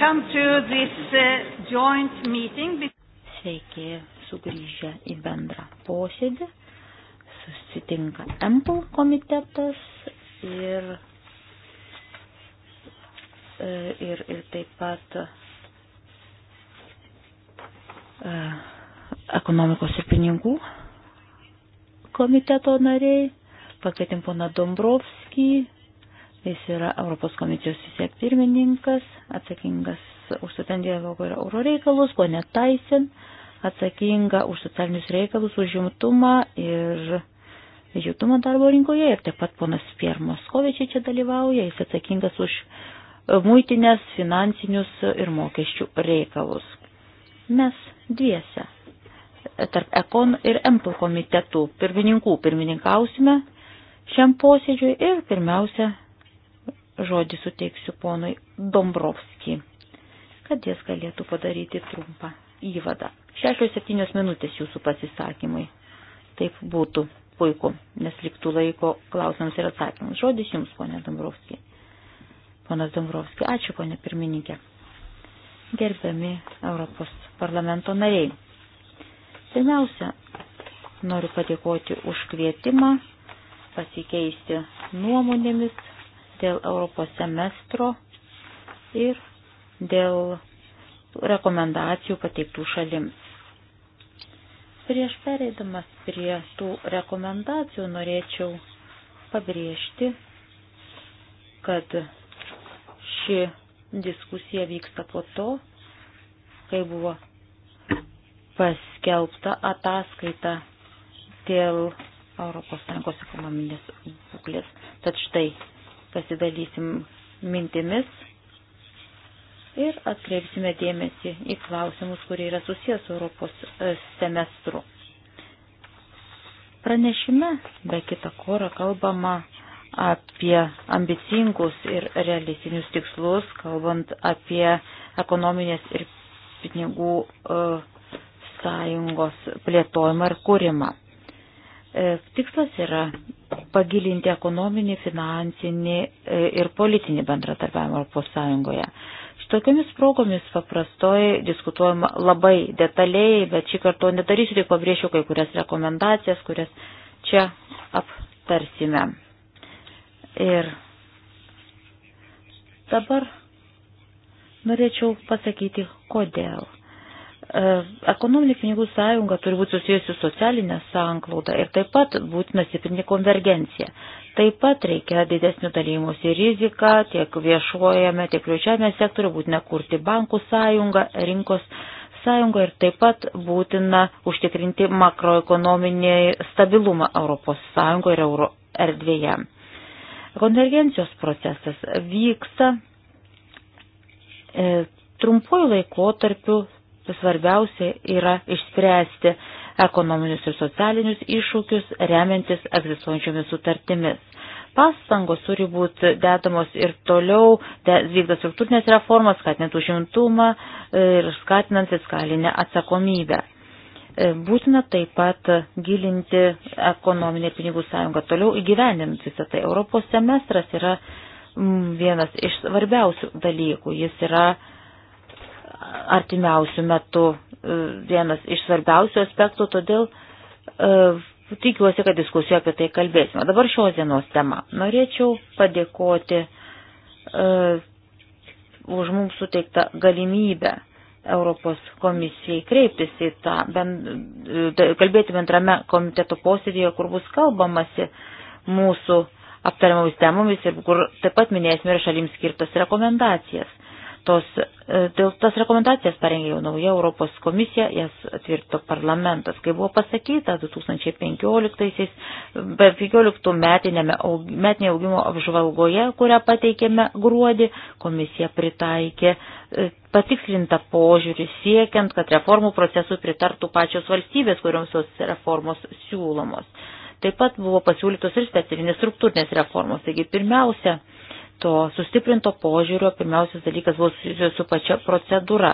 Welcome to this uh, joint meeting. Sveiki sugrįžę į bendrą posėdį. Susitinka EMPL komitetas ir, e, ir, ir taip pat uh, ekonomikos ir pinigų komiteto nariai. Pakvietim poną Dombrovskį, Jis yra Europos komisijos vicepirmininkas, atsakingas už socialinį dialogą ir euro reikalus, ponė Taisin, atsakinga už socialinius reikalus, už jumtumą ir judumą darbo rinkoje ir taip pat ponas Piermos Kovičiai čia dalyvauja, jis atsakingas už muitinės, finansinius ir mokesčių reikalus. Mes dviese tarp Ekon ir Empl komitetų pirmininkų pirmininkausime šiam posėdžiui ir pirmiausia žodį suteiksiu ponui Dombrovskijai, kad jis galėtų padaryti trumpą įvadą. Šešios septynios minutės jūsų pasisakymai. Taip būtų puiku, nes liktų laiko klausimams ir atsakymams. Žodis jums, ponė Dombrovskijai. Ponas Dombrovskis, ačiū, ponė pirmininkė. Gerbiami Europos parlamento nariai. Pirmiausia, noriu padėkoti už kvietimą pasikeisti nuomonėmis dėl Europos semestro ir dėl rekomendacijų pateiktų šalims. Prieš pereidamas prie tų rekomendacijų norėčiau pabrėžti, kad ši diskusija vyksta po to, kai buvo paskelbta ataskaita dėl ES ekonominės būklės. Tad štai pasidalysim mintimis ir atkreipsime dėmesį į klausimus, kurie yra susijęs su Europos e, semestru. Pranešime be kita kora kalbama apie ambicingus ir realistinius tikslus, kalbant apie ekonominės ir pinigų e, sąjungos plėtojimą ir kūrimą. E, tikslas yra pagilinti ekonominį, finansinį e, ir politinį bendratarpiavimą Europos Sąjungoje. Šitokiamis progomis paprastoji diskutuojama labai detaliai, bet šį kartą nedarysiu, tik pabrėšiu kai kurias rekomendacijas, kurias čia aptarsime. Ir dabar norėčiau pasakyti, kodėl. E, ekonominė pinigų sąjunga turi būti susijusi socialinę sąnglaudą ir taip pat būtina stiprinti konvergenciją. Taip pat reikia didesnių dalymosi riziką tiek viešuojame, tiek priučiame sektoriu, būtina kurti bankų sąjungą, rinkos sąjungą ir taip pat būtina užtikrinti makroekonominį stabilumą Europos sąjungoje ir euro erdvėje. Konvergencijos procesas vyksta. E, trumpuoju laikotarpiu svarbiausia yra išspręsti ekonominius ir socialinius iššūkius, remiantis egzistuojančiomis sutartimis. Pastangos turi būti dedamos ir toliau, vykda struktūrinės reformas, skatinant užimtumą ir skatinant fiskalinę atsakomybę. E, būtina taip pat gilinti ekonominę pinigų sąjungą toliau įgyvendinant visą tai. Europos semestras yra vienas iš svarbiausių dalykų. Jis yra uh, artimiausių metų e, vienas iš svarbiausių aspektų, todėl e, tikiuosi, kad diskusijoje apie tai kalbėsime. Dabar šios dienos tema. Norėčiau padėkoti e, už mums suteiktą galimybę Europos komisijai kreiptis į tą, bend, e, kalbėti bendrame komiteto posėdėje, kur bus kalbamasi mūsų aptariamomis temomis ir kur taip pat minėsime ir šalims skirtas rekomendacijas. Tos, e, dėl tas rekomendacijas parengė jau nauja Europos komisija, jas atvirto parlamentas. Kai buvo pasakyta 2015, 2015 metinėme, metinėje augimo apžvalgoje, kurią pateikėme gruodį, komisija pritaikė e, patikslintą požiūrį siekiant, kad reformų procesui pritartų pačios valstybės, kuriuoms tos reformos siūlomos. Taip pat buvo pasiūlytos ir specifinės struktūrinės reformos. Taigi, pirmiausia, to sustiprinto požiūrio pirmiausias dalykas buvo susijusio su pačia procedūra.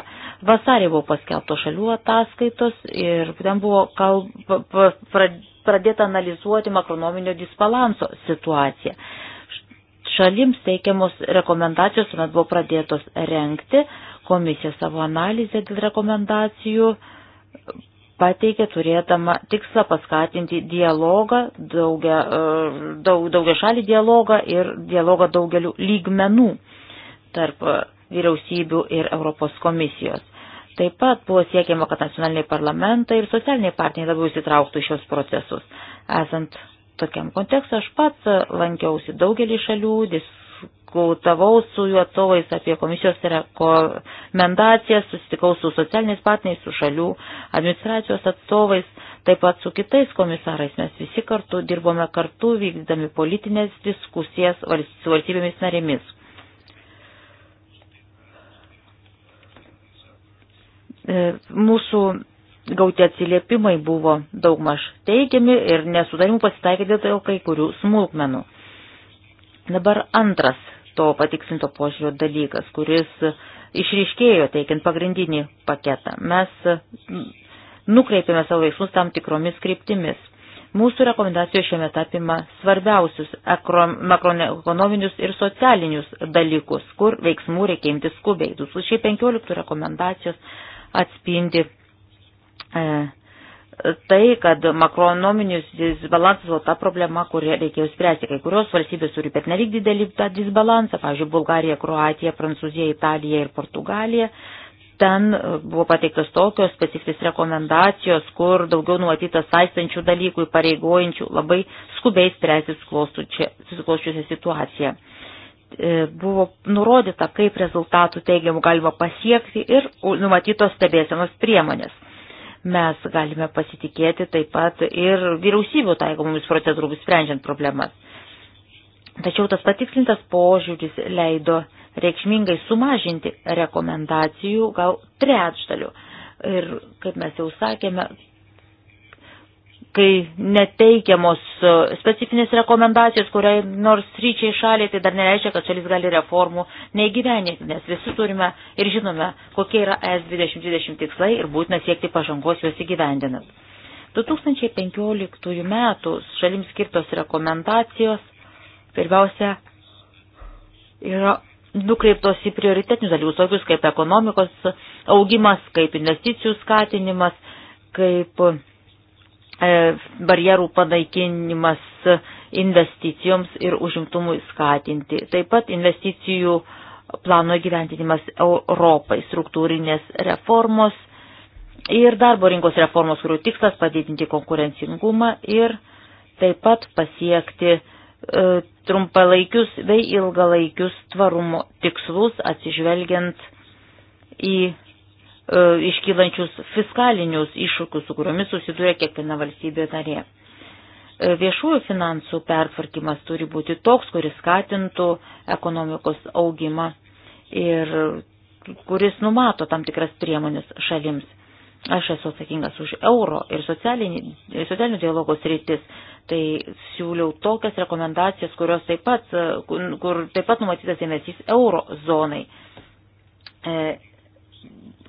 Vasarį buvo paskelbto šalių ataskaitos ir ten buvo kalb, pradėta analizuoti makronominio disbalanso situaciją. Šalims teikiamos rekomendacijos tuomet buvo pradėtos renkti, komisija savo analizę dėl rekomendacijų pateikė turėtama tikslą paskatinti dialogą, daugia, e, daug, daugia šalį dialogą ir dialogą daugeliu lygmenų tarp vyriausybių ir Europos komisijos. Taip pat buvo siekiama, kad nacionaliniai parlamentai ir socialiniai partneriai labiau įsitrauktų į šios procesus. Esant tokiam kontekstui, aš pats lankiausi daugelį šalių, dis, diskutavau su jų atstovais apie komisijos rekomendacijas, susitikau su socialiniais partneriais, su šalių administracijos atstovais, taip pat su kitais komisarais. Mes visi kartu dirbome kartu, vykdydami politinės diskusijas su valstybėmis narėmis. E, mūsų gauti atsiliepimai buvo daugmaž teigiami ir nesutarimų pasitaikė dėl kai kurių smulkmenų. Dabar antras to patiksinto požiūrio dalykas, kuris išryškėjo teikiant pagrindinį paketą. Mes nukreipėme savo veiksmus tam tikromis kryptimis. Mūsų rekomendacijos šiame tapima svarbiausius makroekonominius ir socialinius dalykus, kur veiksmų reikia imti skubiai. 2015 rekomendacijos atspindi e, tai, kad makroekonominis disbalansas buvo ta problema, kurią reikėjo spręsti. Kai kurios valstybės turi per nelik didelį tą disbalansą, pavyzdžiui, Bulgarija, Kroatija, Prancūzija, Italija ir Portugalija. Ten buvo pateiktos tokios specifinės rekomendacijos, kur daugiau numatyta saistančių dalykų, pareigojančių labai skubiai spręsti susikloščiusią situaciją. E, buvo nurodyta, kaip rezultatų teigiamų galima pasiekti ir numatytos stebėsenos priemonės Mes galime pasitikėti taip pat ir vyriausybių taikomomis procedūromis sprendžiant problemas. Tačiau tas patikslintas požiūris leido reikšmingai sumažinti rekomendacijų gal trečdaliu. Ir kaip mes jau sakėme, kai neteikiamos e, specifinės rekomendacijos, kuriai nors ryčiai šaliai, tai dar nereiškia, kad šalis gali reformų neįgyveninti, nes visi turime ir žinome, kokie yra ES 2020 tikslai ir būtina siekti pažangos juos įgyvendinant. 2015 metų šalims skirtos rekomendacijos pirmiausia yra nukreiptos į prioritetinius dalykus, tokius kaip ekonomikos augimas, kaip investicijų skatinimas, kaip E, barjerų panaikinimas investicijoms ir užimtumui skatinti. Taip pat investicijų plano gyventinimas Europai, struktūrinės reformos ir darbo rinkos reformos, kurių tikslas padidinti konkurencingumą ir taip pat pasiekti e, trumpalaikius bei ilgalaikius tvarumo tikslus atsižvelgiant į E, iškylančius fiskalinius iššūkius, su kuriomis susiduria kiekviena valstybė narė. E, viešųjų finansų pertvarkymas turi būti toks, kuris skatintų ekonomikos augimą ir kuris numato tam tikras priemonės šalims. Aš esu atsakingas už euro ir socialinių dialogos rytis. Tai siūliau tokias rekomendacijas, kurios taip pat, kur taip pat numatytas dėmesys euro zonai. E,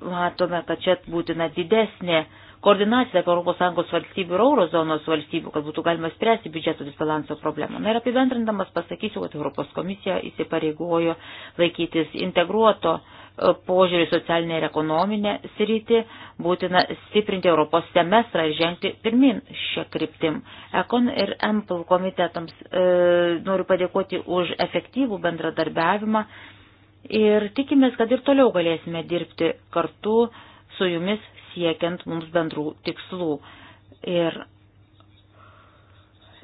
matome, kad čia būtina didesnė koordinacija tarp ES valstybių ir eurozonos valstybių, kad būtų galima spręsti biudžeto disbalanso problemą. Na ir apibendrindamas pasakysiu, kad Europos komisija įsipareigojo laikytis integruoto e, požiūrį socialinę ir ekonominę sritį, būtina stiprinti Europos semestrą ir žengti pirmin šią kryptim. Ekon ir EMPL komitetams e, noriu padėkoti už efektyvų bendradarbiavimą ir tikimės, kad ir toliau galėsime dirbti kartu su jumis siekiant mums bendrų tikslų. Ir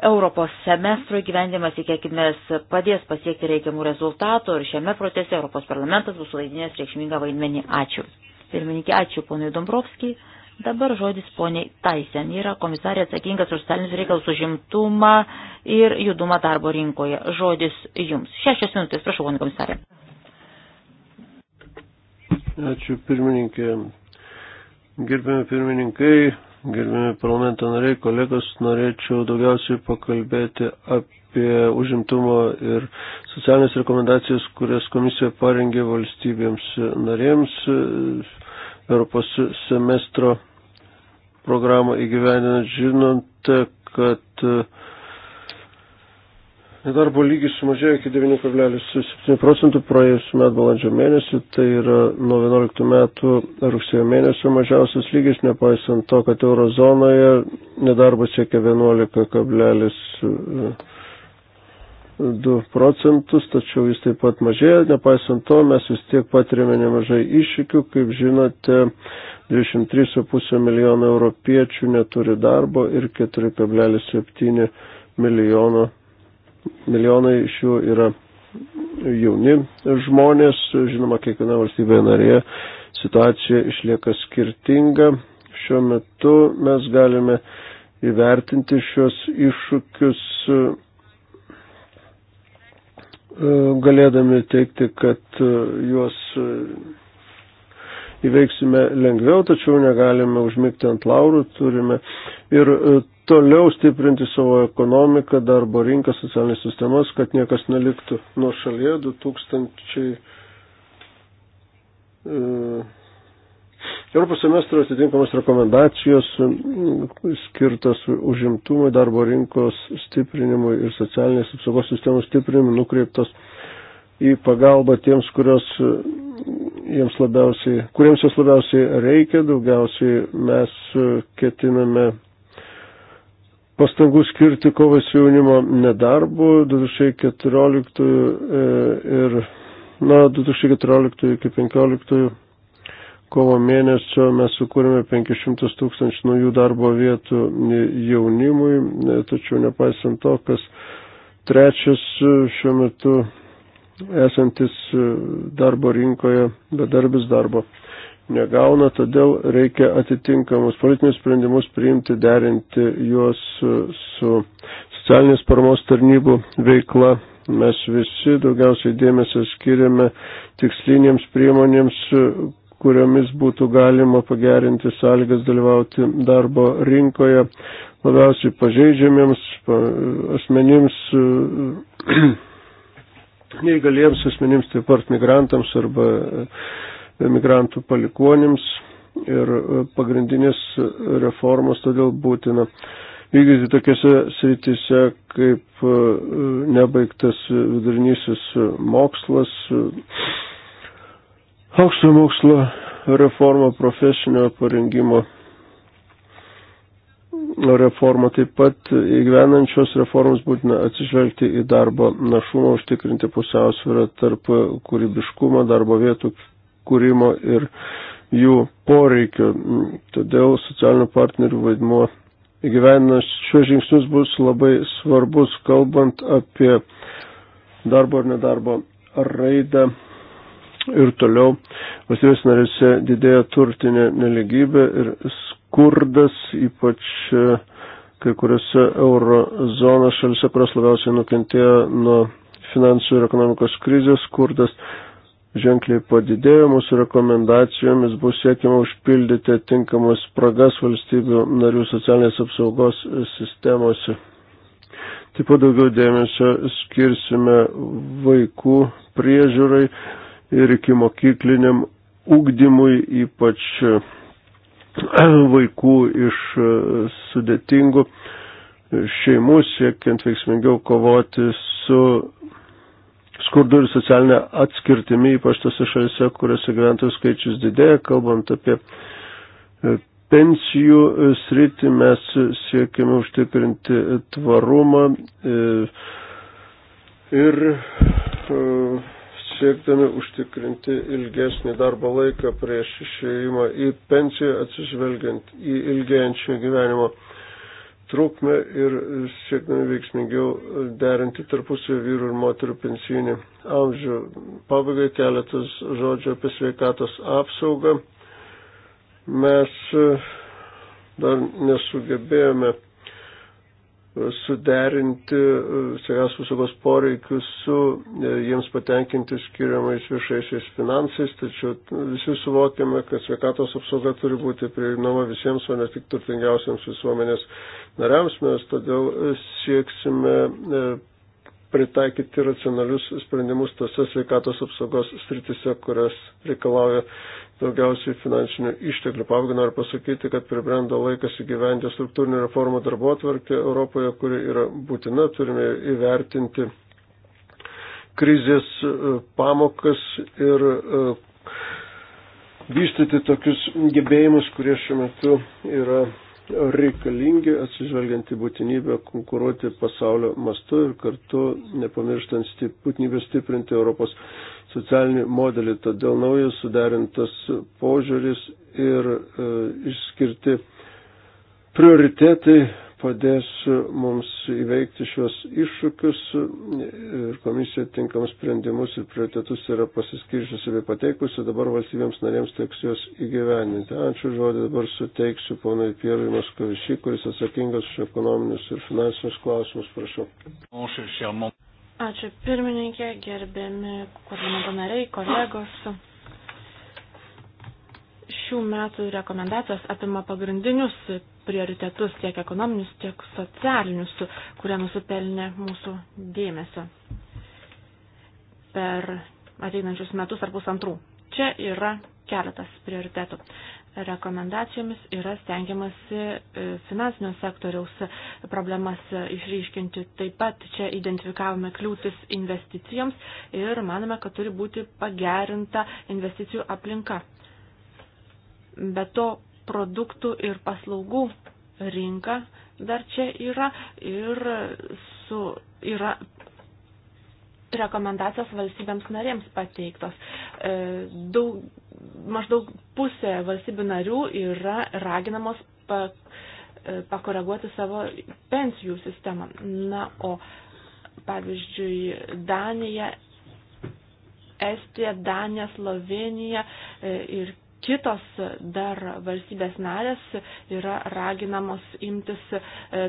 Europos semestro įgyvendimas, tikėkime, padės pasiekti reikiamų rezultatų ir šiame procese Europos parlamentas bus vaidinęs reikšmingą vaidmenį. Ačiū. Pirmininkė, ačiū ponui Dombrovskijai. Dabar žodis poniai Taisen yra komisarė atsakingas už stalinius reikalus užimtumą ir judumą darbo rinkoje. Žodis jums. Šešios minutės, prašau, ponai komisarė. Ačiū pirmininkė. Gerbiami pirmininkai, gerbiami parlamento nariai, kolegos, norėčiau daugiausiai pakalbėti apie užimtumo ir socialinės rekomendacijas, kurias komisija parengė valstybėms narėms e, Europos semestro programą įgyvendinant, žinant, kad e, Nedarbo lygis sumažėjo iki 9,7 procentų praėjusiu metu balandžio mėnesį, tai yra nuo 11 metų rugsėjo mėnesio mažiausias lygis, nepaisant to, kad eurozonoje nedarbas siekia 11,2 procentus, tačiau jis taip pat mažėja, nepaisant to mes vis tiek patirėme nemažai iššūkių, kaip žinote, 23,5 milijono europiečių neturi darbo ir 4,7 milijono milijonai iš jų yra jauni žmonės, žinoma, kiekviena valstybė narėje situacija išlieka skirtinga. Šiuo metu mes galime įvertinti šios iššūkius, e, galėdami teikti, kad e, juos įveiksime lengviau, tačiau negalime užmygti ant laurų, turime ir e, toliau stiprinti savo ekonomiką, darbo rinką, socialinės sistemas, kad niekas neliktų nuo šalyje 2000. E, Europos semestro atitinkamos rekomendacijos e, skirtos užimtumui, darbo rinkos stiprinimui ir socialinės apsaugos sistemos stiprinimui nukreiptos uh, į pagalbą tiems, kurios e, jiems labiausiai, kuriems jos labiausiai reikia, daugiausiai mes e, ketiname pastangų skirti kovai su jaunimo nedarbu 2014 e, ir nuo 2014 iki 2015 kovo mėnesio mes sukūrėme 500 tūkstančių naujų darbo vietų jaunimui, tačiau nepaisant to, kas trečias šiuo metu esantis e, darbo rinkoje bedarbis darbo negauna, todėl reikia atitinkamus politinius sprendimus priimti, derinti juos e, su socialinės paramos tarnybų veikla. Mes visi daugiausiai dėmesio skiriame tikslinėms priemonėms, e, kuriomis būtų galima pagerinti sąlygas dalyvauti darbo rinkoje labiausiai pažeidžiamiems asmenims neįgaliems asmenims, taip pat migrantams arba e, migrantų palikonims ir e, pagrindinės reformos todėl būtina vykdyti tokiuose sritise kaip e, nebaigtas vidurinysis mokslas, aukštojo mokslo reforma profesinio parengimo reformą. Taip pat įgyvenančios reformos būtina atsižvelgti į darbo našumą, užtikrinti pusiausvyrą tarp kūrybiškumo, darbo vietų kūrimo ir jų poreikio. Todėl socialinių partnerių vaidmuo įgyvenimas šios žingsnius bus labai svarbus, kalbant apie darbo ir nedarbo raidą ir toliau valstybės narėse didėja turtinė neligybė ir skurdas, ypač e, kai kuriuose eurozonos šalise, kurios labiausiai nukentėjo nuo finansų ir ekonomikos krizės, skurdas ženkliai padidėjo, mūsų rekomendacijomis bus siekiama užpildyti tinkamas spragas valstybių narių socialinės apsaugos sistemose. Taip pat daugiau dėmesio skirsime vaikų priežiūrai, ir iki mokykliniam ugdymui, ypač e, vaikų iš e, sudėtingų šeimų, siekiant veiksmingiau kovoti su skurdu ir socialinė atskirtimi, ypač tose šalise, kuriuose gyventojų skaičius didėja, kalbant apie e, pensijų sritį, mes siekime užtikrinti tvarumą ir siekdami užtikrinti ilgesnį darbo laiką prieš išėjimą į pensiją, atsižvelgiant į ilgėjančią gyvenimo trukmę ir siekdami veiksmingiau derinti tarpusio vyrų ir moterų pensinį amžių. Pabaigai keletas žodžių apie sveikatos apsaugą. Mes e, dar nesugebėjome suderinti e, sveikatos apsaugos poreikius su e, jiems patenkinti skiriamais viešaisiais finansais, tačiau visi suvokiame, kad sveikatos apsauga turi būti prieinama visiems, o ne tik turtingiausiams visuomenės nariams. Mes todėl sieksime e, pritaikyti racionalius sprendimus tose sveikatos apsaugos sritise, kurias reikalauja daugiausiai finansinių išteklių. Pabaigai noriu pasakyti, kad pribrendo laikas įgyventi struktūrinį reformą darbo atvarkį Europoje, kuri yra būtina, turime įvertinti krizės e, pamokas ir e, vystyti tokius gebėjimus, kurie šiuo metu yra reikalingi atsižvelgiant į būtinybę konkuruoti pasaulio mastu ir kartu nepamirštant stip, būtinybę stiprinti Europos socialinį modelį. Todėl naujas suderintas požiūris ir e, išskirti prioritetai padės mums įveikti šios iššūkius ir komisija tinkamus sprendimus ir prioritetus yra pasiskiršusi bei pateikusi, dabar valstybėms narėms teks juos įgyveninti. Ačiū žodį dabar suteiksiu ponui Pierui Moskovičiui, kuris atsakingas už ekonominius ir finansinius klausimus, prašau. Ačiū pirmininkė, gerbiami parlamento nariai, kolegos šių metų rekomendacijos apima pagrindinius prioritetus, tiek ekonominius, tiek socialinius, kurie nusipelnė mūsų dėmesio per ateinančius metus ar pusantrų. Čia yra keletas prioritetų. Rekomendacijomis yra stengiamasi e, finansinio sektoriaus problemas išryškinti. Taip pat čia identifikavome kliūtis investicijoms ir manome, kad turi būti pagerinta investicijų aplinka. Be to produktų ir paslaugų rinka dar čia yra ir su, yra rekomendacijos valstybėms narėms pateiktos. E, daug, maždaug pusė valstybių narių yra raginamos pa, e, pakoreguoti savo pensijų sistemą. Na, o pavyzdžiui, Danija, Estija, Danija, Slovenija e, ir kitos dar valstybės narės yra raginamos imtis e,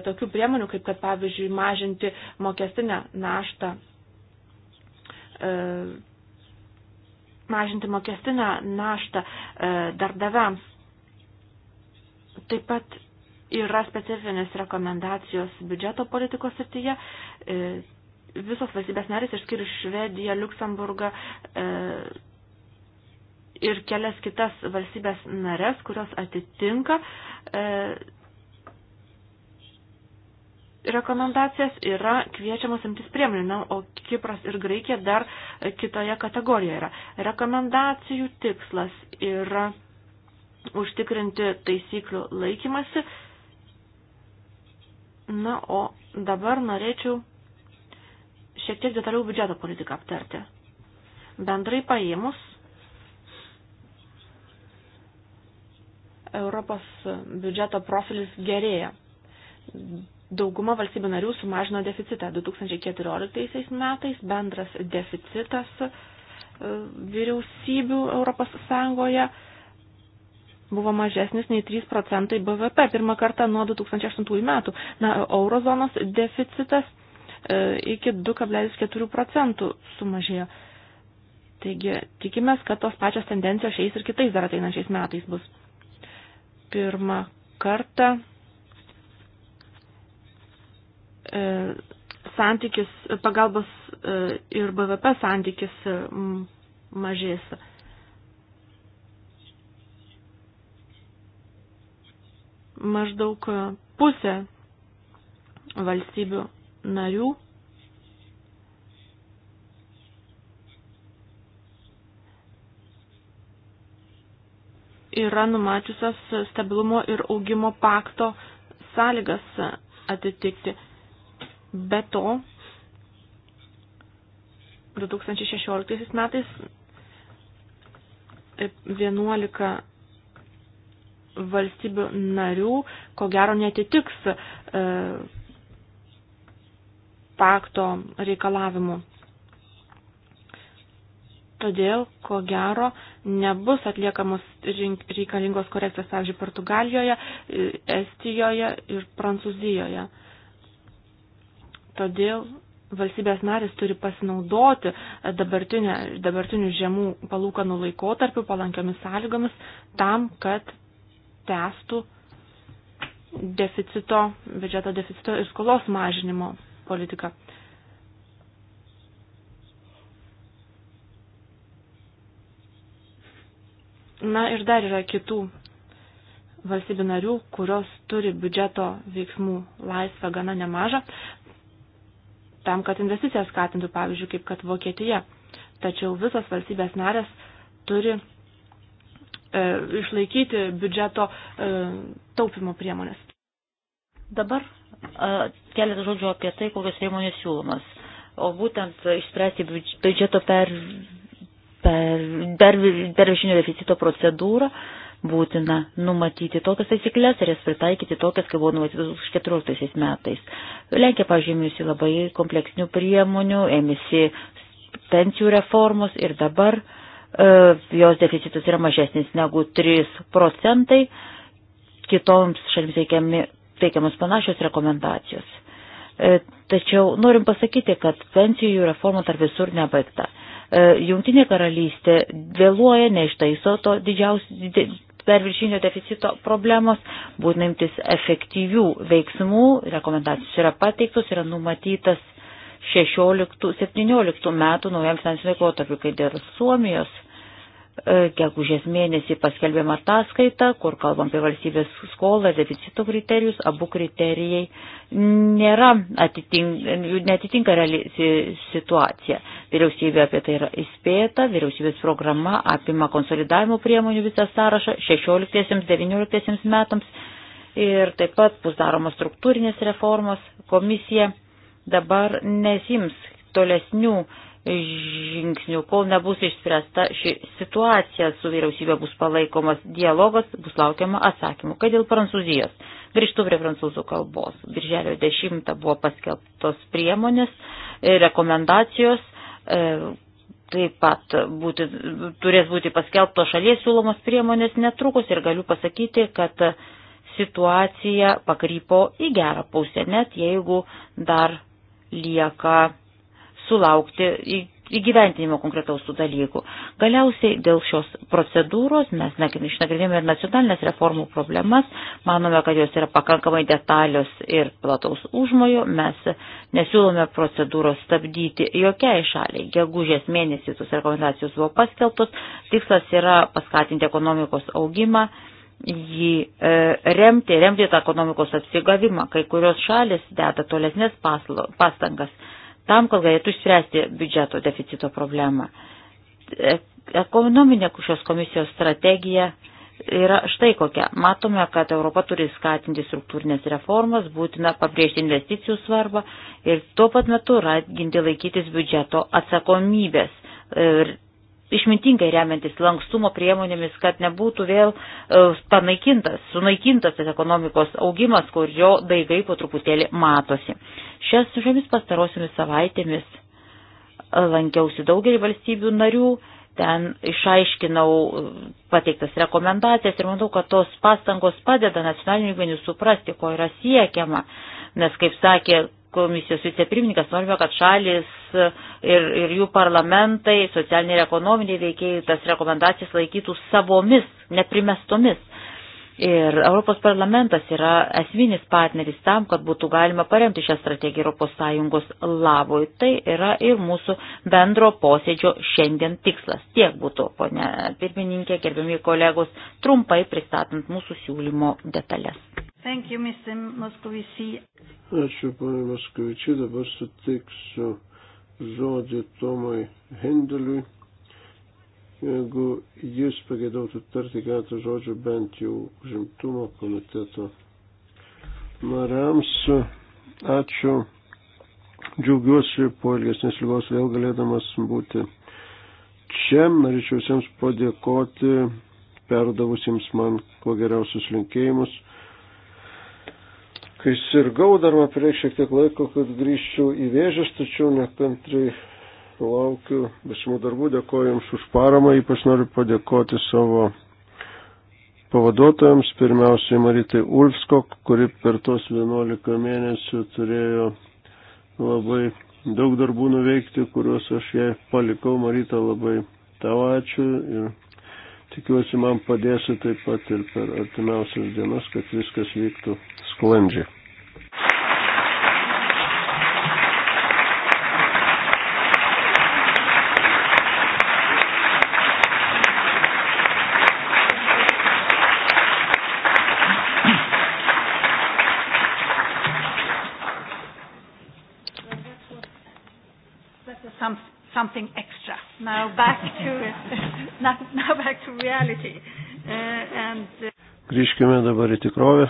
tokių priemonių, kaip kad pavyzdžiui mažinti mokestinę naštą e, mažinti mokestinę naštą e, darbdaviams. Taip pat yra specifinės rekomendacijos biudžeto politikos srityje. Visos valstybės narės, išskyrus Švediją, Luksemburgą, ir kelias kitas valstybės nares, kurios atitinka e, rekomendacijas, yra kviečiamas imtis priemonių, na, o Kipras ir Graikija dar kitoje kategorijoje yra. Rekomendacijų tikslas yra užtikrinti taisyklių laikymasi. Na, o dabar norėčiau šiek tiek detaliau biudžeto politiką aptarti. Bendrai paėmus, Europos biudžeto profilis gerėja. Dauguma valstybių narių sumažino deficitą. 2014 metais bendras deficitas e, vyriausybių Europos Sąjungoje buvo mažesnis nei 3 procentai BVP pirmą kartą nuo 2008 metų. Na, eurozonos deficitas e, iki 2,4 procentų sumažėjo. Taigi tikimės, kad tos pačios tendencijos šiais ir kitais dar ateinančiais metais bus pirmą kartą e, santykis, pagalbos e, ir BVP santykis mažės. Maždaug pusė valstybių narių yra numačiusios stabilumo ir augimo pakto sąlygas atitikti. Be to, 2016 metais 11 valstybių narių, ko gero, netitiks e, pakto reikalavimu todėl, ko gero, nebus atliekamos reikalingos korekcijos, pavyzdžiui, Portugalijoje, Estijoje ir Prancūzijoje. Todėl valstybės narės turi pasinaudoti dabartinių žemų palūkanų laikotarpių palankiomis sąlygomis tam, kad testų deficito, biudžeto deficito ir skolos mažinimo politiką. Na ir dar yra kitų valstybių narių, kurios turi biudžeto veiksmų laisvę gana nemažą, tam, kad investicijas skatintų, pavyzdžiui, kaip kad Vokietija. Tačiau visos valstybės narės turi e, išlaikyti biudžeto e, taupimo priemonės. Dabar e, keletą žodžių apie tai, kokios priemonės siūlomas. O būtent išspręsti biudžeto per per dervišinio deficito procedūrą būtina numatyti tokias taisyklės ir jas pritaikyti tokias, kaip buvo numatytos 2014 metais. Lenkija pažymėjusi labai kompleksinių priemonių, ėmėsi pensijų reformos ir dabar e, jos deficitas yra mažesnis negu 3 procentai, kitoms šalims teikiamas panašios rekomendacijos. E, tačiau norim pasakyti, kad pensijų reforma tarp visur nebaigta. E, Jungtinė karalystė vėluoja, neištaiso to didžiausio perviršinio deficito problemos, būtina imtis efektyvių veiksmų, rekomendacijos yra pateiktos, yra numatytas 16-17 metų naujam finansiniam laikotarpiu, kai dėl Suomijos E, gegužės mėnesį paskelbėm ataskaitą, kur kalbam apie valstybės skolą, deficito kriterijus, abu kriterijai nėra atitink, netitinka reali situacija. Vyriausybė apie tai yra įspėta, vyriausybės programa apima konsolidavimo priemonių visą sąrašą 16-19 metams ir taip pat bus daromos struktūrinės reformos, komisija dabar nesims tolesnių žingsnių. Kol nebus išspręsta ši situacija, su vyriausybė bus palaikomas dialogas, bus laukiama atsakymų. Kad dėl Prancūzijos. Grįžtu prie prancūzų kalbos. Birželio 10 buvo paskelbtos priemonės, e, rekomendacijos, e, taip pat būti, turės būti paskelbtos šalies siūlomos priemonės netrukus ir galiu pasakyti, kad situacija pakrypo į gerą pusę, net jeigu dar lieka sulaukti įgyventinimo konkretaus tų dalykų. Galiausiai dėl šios procedūros mes išnagrinėjome ir nacionalinės reformų problemas, manome, kad jos yra pakankamai detalios ir plataus užmojo, mes nesiūlome procedūros stabdyti jokiai šaliai. Gegužės mėnesį tos rekomendacijos buvo paskeltos, tikslas yra paskatinti ekonomikos augimą jį e, remti, remti tą ekonomikos atsigavimą. Kai kurios šalis deda tolesnės pastangas tam, kad galėtų išspręsti biudžeto deficito problemą. E, ekonominė šios komisijos strategija yra štai kokia. Matome, kad Europa turi skatinti struktūrinės reformas, būtina pabrėžti investicijų svarbą ir tuo pat metu raginti laikytis biudžeto atsakomybės ir išmintingai remiantis lankstumo priemonėmis, kad nebūtų vėl e, panaikintas, sunaikintas tas ekonomikos augimas, kur jo daigai po truputėlį matosi. Šias šiomis pastarosiomis savaitėmis e, lankiausi daugelį valstybių narių, ten išaiškinau e, pateiktas rekomendacijas ir manau, kad tos pastangos padeda nacionalinių lygmenių suprasti, ko yra siekiama, nes, kaip sakė komisijos vicepirmininkas, norime, kad šalis e, ir, ir jų parlamentai, socialiniai ir ekonominiai veikėjai tas rekomendacijas laikytų savomis, neprimestomis. Ir Europos parlamentas yra esminis partneris tam, kad būtų galima paremti šią strategiją ES labui. Tai yra ir mūsų bendro posėdžio šiandien tikslas. Tiek būtų, ponė pirmininkė, gerbiami kolegos, trumpai pristatant mūsų siūlymo detalės. Thank you, Mr. Moskovici. Ačiū, ponai Moskovici. Dabar sutiksiu žodį Tomui Hendeliui. Jeigu jis pagėdautų tarti keletą žodžių bent jau žimtumo komiteto nariams, ačiū. Džiaugiuosi po ilgesnės lygos vėl galėdamas būti čia. Norėčiau visiems padėkoti perdavusiems man kuo geriausius linkėjimus. Kai sirgau dar man prieš šiek tiek laiko, kad grįžčiau į vėžės, tačiau nekantriai laukiu visimų darbų, dėkoju Jums už paramą, ypač noriu padėkoti savo pavaduotojams, pirmiausiai Maritai Ulfskok, kuri per tos 11 mėnesių turėjo labai daug darbų nuveikti, kuriuos aš jai palikau. Marita labai tau ačiū ir Tikiuosi, man padėsi taip pat ir per artimiausias dienas, kad viskas vyktų sklandžiai. something extra. Now back to now, now reality. Uh, and, uh, Grįžkime dabar į tikrovę.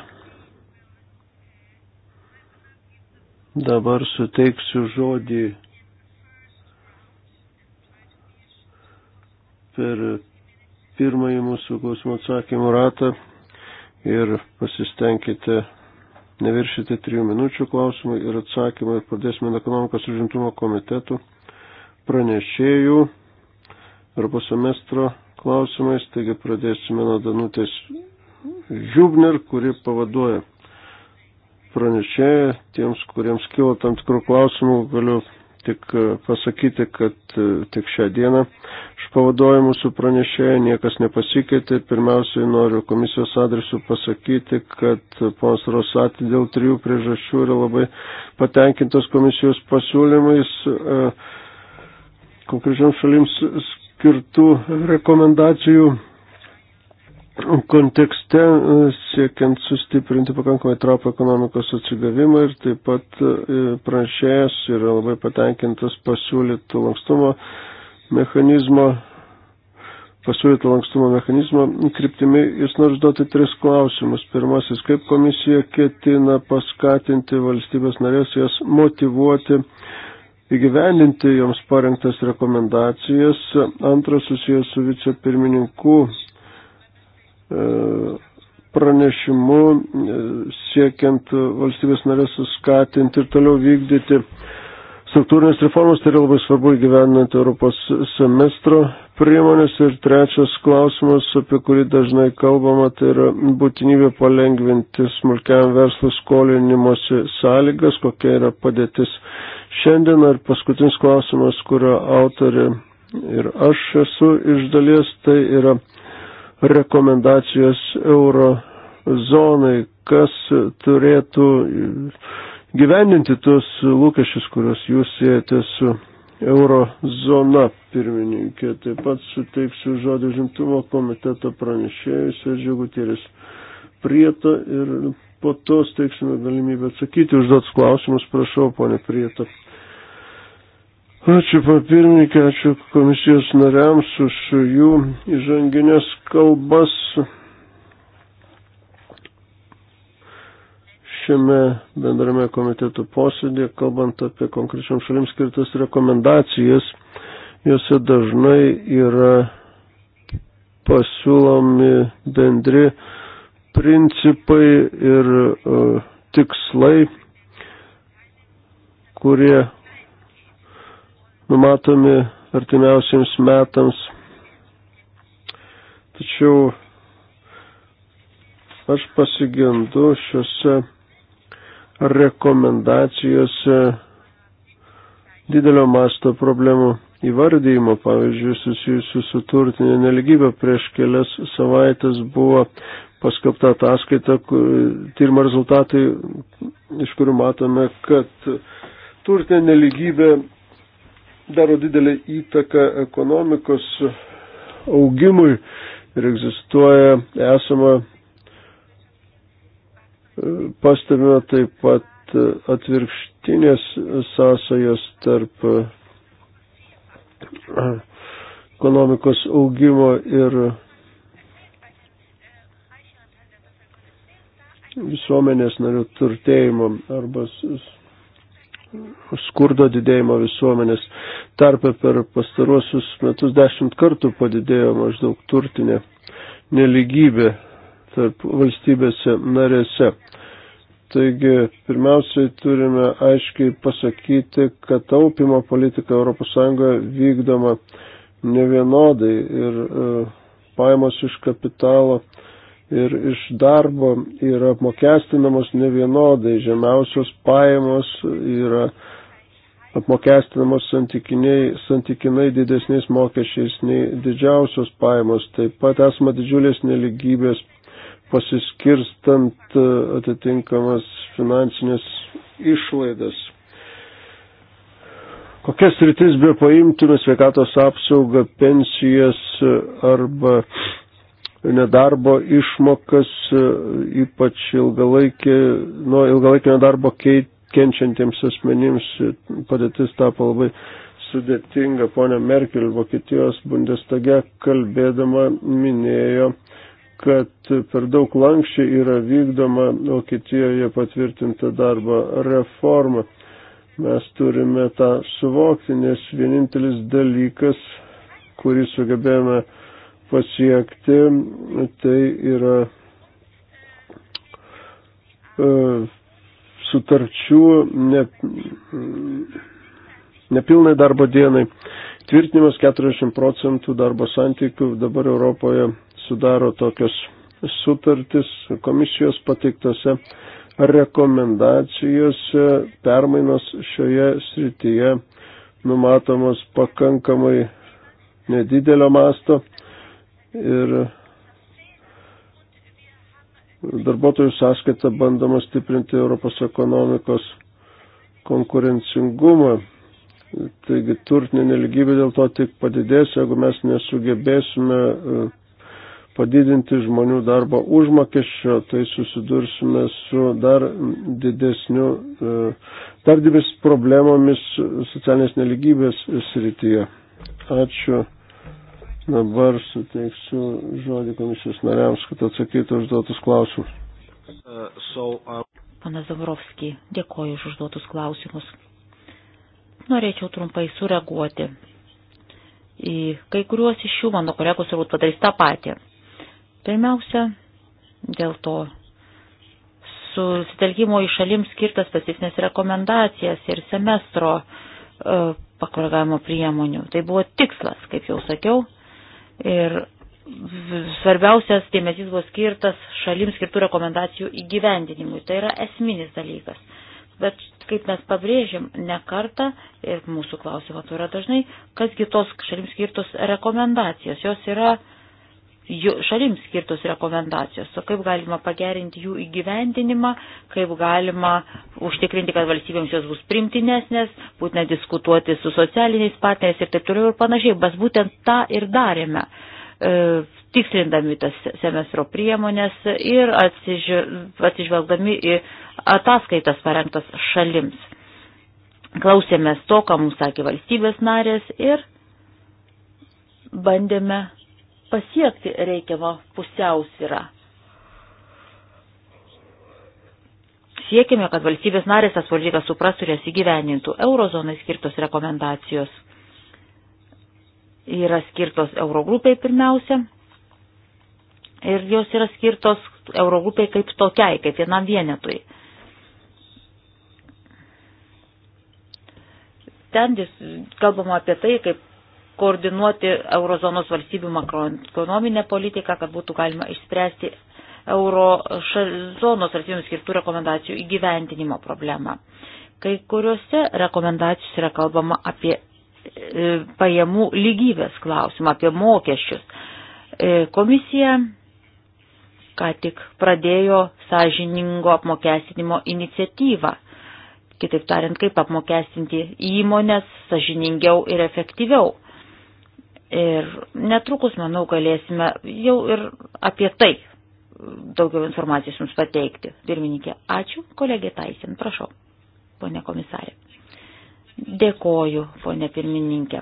Dabar suteiksiu žodį per pirmąjį mūsų klausimų atsakymų ratą ir pasistengkite neviršyti trijų minučių klausimai ir atsakymai. Pradėsime nuo ekonomikos užimtumo komitetų pranešėjų arba semestro klausimais, taigi pradėsime nuo Danutės Žiubner, kuri pavaduoja pranešėją. Tiems, kuriems kilo tam tikrų klausimų, galiu tik e, pasakyti, kad e, tik šią dieną aš pavaduoju mūsų pranešėją, niekas nepasikeitė. Pirmiausiai noriu komisijos adresu pasakyti, kad ponas Rosati dėl trijų priežasčių yra labai patenkintas komisijos pasiūlymais. E, Konkrečiams šalims skirtų rekomendacijų kontekste, e, siekiant sustiprinti pakankamai trapą ekonomikos atsigavimą ir taip pat e, pranešėjas yra labai patenkintas pasiūlytų lankstumo mechanizmo pasiūlytų lankstumo mechanizmo kryptimi, jis nori duoti tris klausimus. Pirmasis, kaip komisija ketina paskatinti valstybės narės jas motivuoti įgyvendinti joms parengtas rekomendacijas. Antras susijęs su vicepirmininku e, pranešimu e, siekiant valstybės narės suskatinti ir toliau vykdyti struktūrinės reformos, tai yra labai svarbu įgyvendinant Europos semestro priemonės. Ir trečias klausimas, apie kurį dažnai kalbama, tai yra būtinybė palengvinti smulkiam verslų skolinimosi sąlygas, kokia yra padėtis Šiandien ir paskutinis klausimas, kurio autorė ir aš esu iš dalies, tai yra rekomendacijos euro zonai, kas turėtų gyveninti tuos lūkesčius, kuriuos jūs siejate su euro zona pirmininkė. Taip pat suteiksiu žodį žimtumo komiteto pranešėjus ir džiugutėris prieto ir po to steiksime galimybę atsakyti užduotus klausimus. Prašau, ponė Prieto. Ačiū papirmininkė, ačiū komisijos nariams už jų įžanginės kalbas šiame bendrame komiteto posėdėje, kalbant apie konkrečiam šalims skirtas rekomendacijas. Jose dažnai yra pasiūlomi bendri principai ir e, tikslai, kurie numatomi artimiausiams metams. Tačiau aš pasigendu šiuose rekomendacijose didelio masto problemų įvardymo, pavyzdžiui, susijusių su turtinė neligybė. Prieš kelias savaitės buvo paskelbta ataskaita, tyrimo rezultatai, iš kurių matome, kad turtinė neligybė daro didelį įtaką ekonomikos augimui ir egzistuoja esama e, pastebime taip pat atvirkštinės sąsajos tarp ekonomikos augimo ir visuomenės narių turtėjimo arba skurdo didėjimo visuomenės tarpe per pastaruosius metus dešimt kartų padidėjo maždaug turtinė neligybė tarp valstybėse narėse. Taigi, pirmiausiai turime aiškiai pasakyti, kad taupimo politika ES vykdoma nevienodai ir e, pajamos iš kapitalo ir iš darbo yra apmokestinamos nevienodai. Žemiausios pajamos yra apmokestinamos santykinai didesniais mokesčiais nei didžiausios pajamos. Taip pat esama didžiulės neligybės pasiskirstant e, atitinkamas finansinės išlaidas. Kokias rytis be paimtume sveikatos apsaugą, pensijas e, arba nedarbo išmokas, e, ypač ilgalaikė, nuo ilgalaikio nedarbo kenčiantiems asmenims padėtis tapo labai sudėtinga. Pone Merkel Vokietijos bundestage kalbėdama minėjo, kad per daug lankščiai yra vykdoma Vokietijoje patvirtinta darbo reforma. Mes turime tą suvokti, nes vienintelis dalykas, kurį sugebėjome pasiekti, tai yra e, sutarčių ne, nepilnai darbo dienai. Tvirtinimas 40 procentų darbo santykių dabar Europoje sudaro tokios sutartis komisijos pateiktose rekomendacijose permainos šioje srityje numatomos pakankamai nedidelio masto ir darbuotojų sąskaitą bandoma stiprinti Europos ekonomikos konkurencingumą. Taigi turtinė neligybė dėl to tik padidės, jeigu mes nesugebėsime e, padidinti žmonių darbo užmokesčio, tai susidursime su dar didesniu, e, dar didesnis problemomis socialinės neligybės srityje. Ačiū. Dabar suteiksiu žodį komisijos nariams, kad atsakytų užduotus klausimus. Panas Zavrovski, dėkoju už užduotus klausimus. Norėčiau trumpai sureaguoti į kai kuriuos iš jų mano kolegos turbūt padarys tą patį. Pirmiausia, dėl to susitelkimo į šalims skirtas specifines rekomendacijas ir semestro e, pakoregavimo priemonių. Tai buvo tikslas, kaip jau sakiau. Ir svarbiausias dėmesys buvo skirtas šalims skirtų rekomendacijų įgyvendinimui. Tai yra esminis dalykas. Bet kaip mes pabrėžim ne kartą, ir mūsų klausimą tai yra dažnai, kasgi tos šalims skirtos rekomendacijos. Jos yra uh, šalims skirtos rekomendacijos, o kaip galima pagerinti jų įgyvendinimą, kaip galima užtikrinti, kad valstybėms jos bus primtinesnės, būtina diskutuoti su socialiniais partneriais ir taip toliau ir panašiai, bet būtent tą ir darėme, e, tikslindami tas semestro priemonės ir atsižvelgdami į ataskaitas parengtas šalims. Klausėmės to, ką mums sakė valstybės narės ir bandėme pasiekti reikiamą pusiausvyrą. Siekime, kad valstybės narės tas politikas suprastų ir jas įgyvenintų. Eurozonai skirtos rekomendacijos yra skirtos Eurogrupiai pirmiausia ir jos yra skirtos Eurogrupiai kaip tokiai, kaip vienam vienetui. Ten kalbama apie tai, kaip koordinuoti eurozonos valstybių makroekonominę politiką, kad būtų galima išspręsti euro zonos valstybėms skirtų rekomendacijų įgyventinimo problemą. Kai kuriuose rekomendacijos yra kalbama apie e, pajamų lygybės klausimą, apie mokesčius. E, komisija ką tik pradėjo sąžiningo apmokestinimo iniciatyvą. Kitaip tariant, kaip apmokestinti įmonės sažiningiau ir efektyviau. Ir netrukus, manau, galėsime jau ir apie tai daugiau informacijos jums pateikti. Pirmininkė, ačiū, kolegė Taisin, prašau, ponė komisarė. Dėkoju, ponė pirmininkė.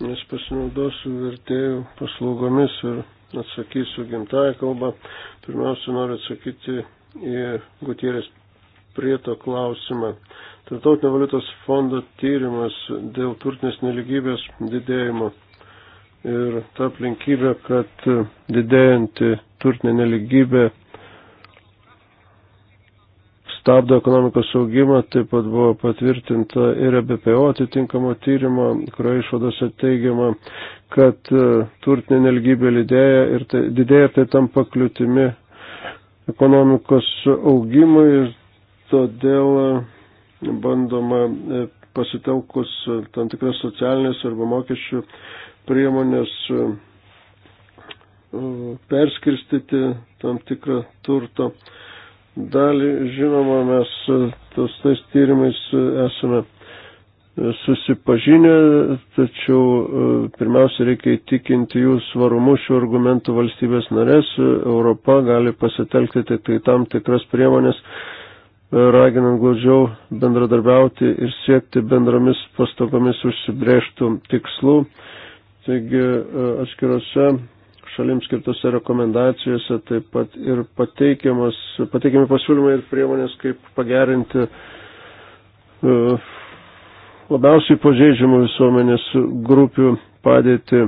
Nes pasinaudosiu vertėjų paslaugomis ir atsakysiu gimtąją kalbą. Pirmiausia, noriu atsakyti į Gutierės prieto klausimą. Tartautinio valiutos fondo tyrimas dėl turtinės neligybės didėjimo ir ta aplinkybė, kad didėjanti turtinė neligybė stabdo ekonomikos augimą, taip pat buvo patvirtinta ir e BPO atitinkamo tyrimo, kurio išvadose teigiama, kad e, turtinė nelgybė didėja ir tai, didėja, tai tampa kliūtimi ekonomikos augimui ir todėl bandoma e, pasitelkus e, tam tikras socialinės arba mokesčių priemonės e, perskirstyti tam tikrą turto dalį. Žinoma, mes tos tais tyrimais esame susipažinę, tačiau pirmiausia reikia įtikinti jų svarumu šių argumentų valstybės narės. Europa gali pasitelkti tik tai tam tikras priemonės raginant glaudžiau bendradarbiauti ir siekti bendromis pastogomis užsibrėžtų tikslų. Taigi e, atskirose šalims skirtose rekomendacijose taip pat ir pateikiami pasiūlymai ir priemonės, kaip pagerinti e, labiausiai pažeidžiamų visuomenės grupių padėtį,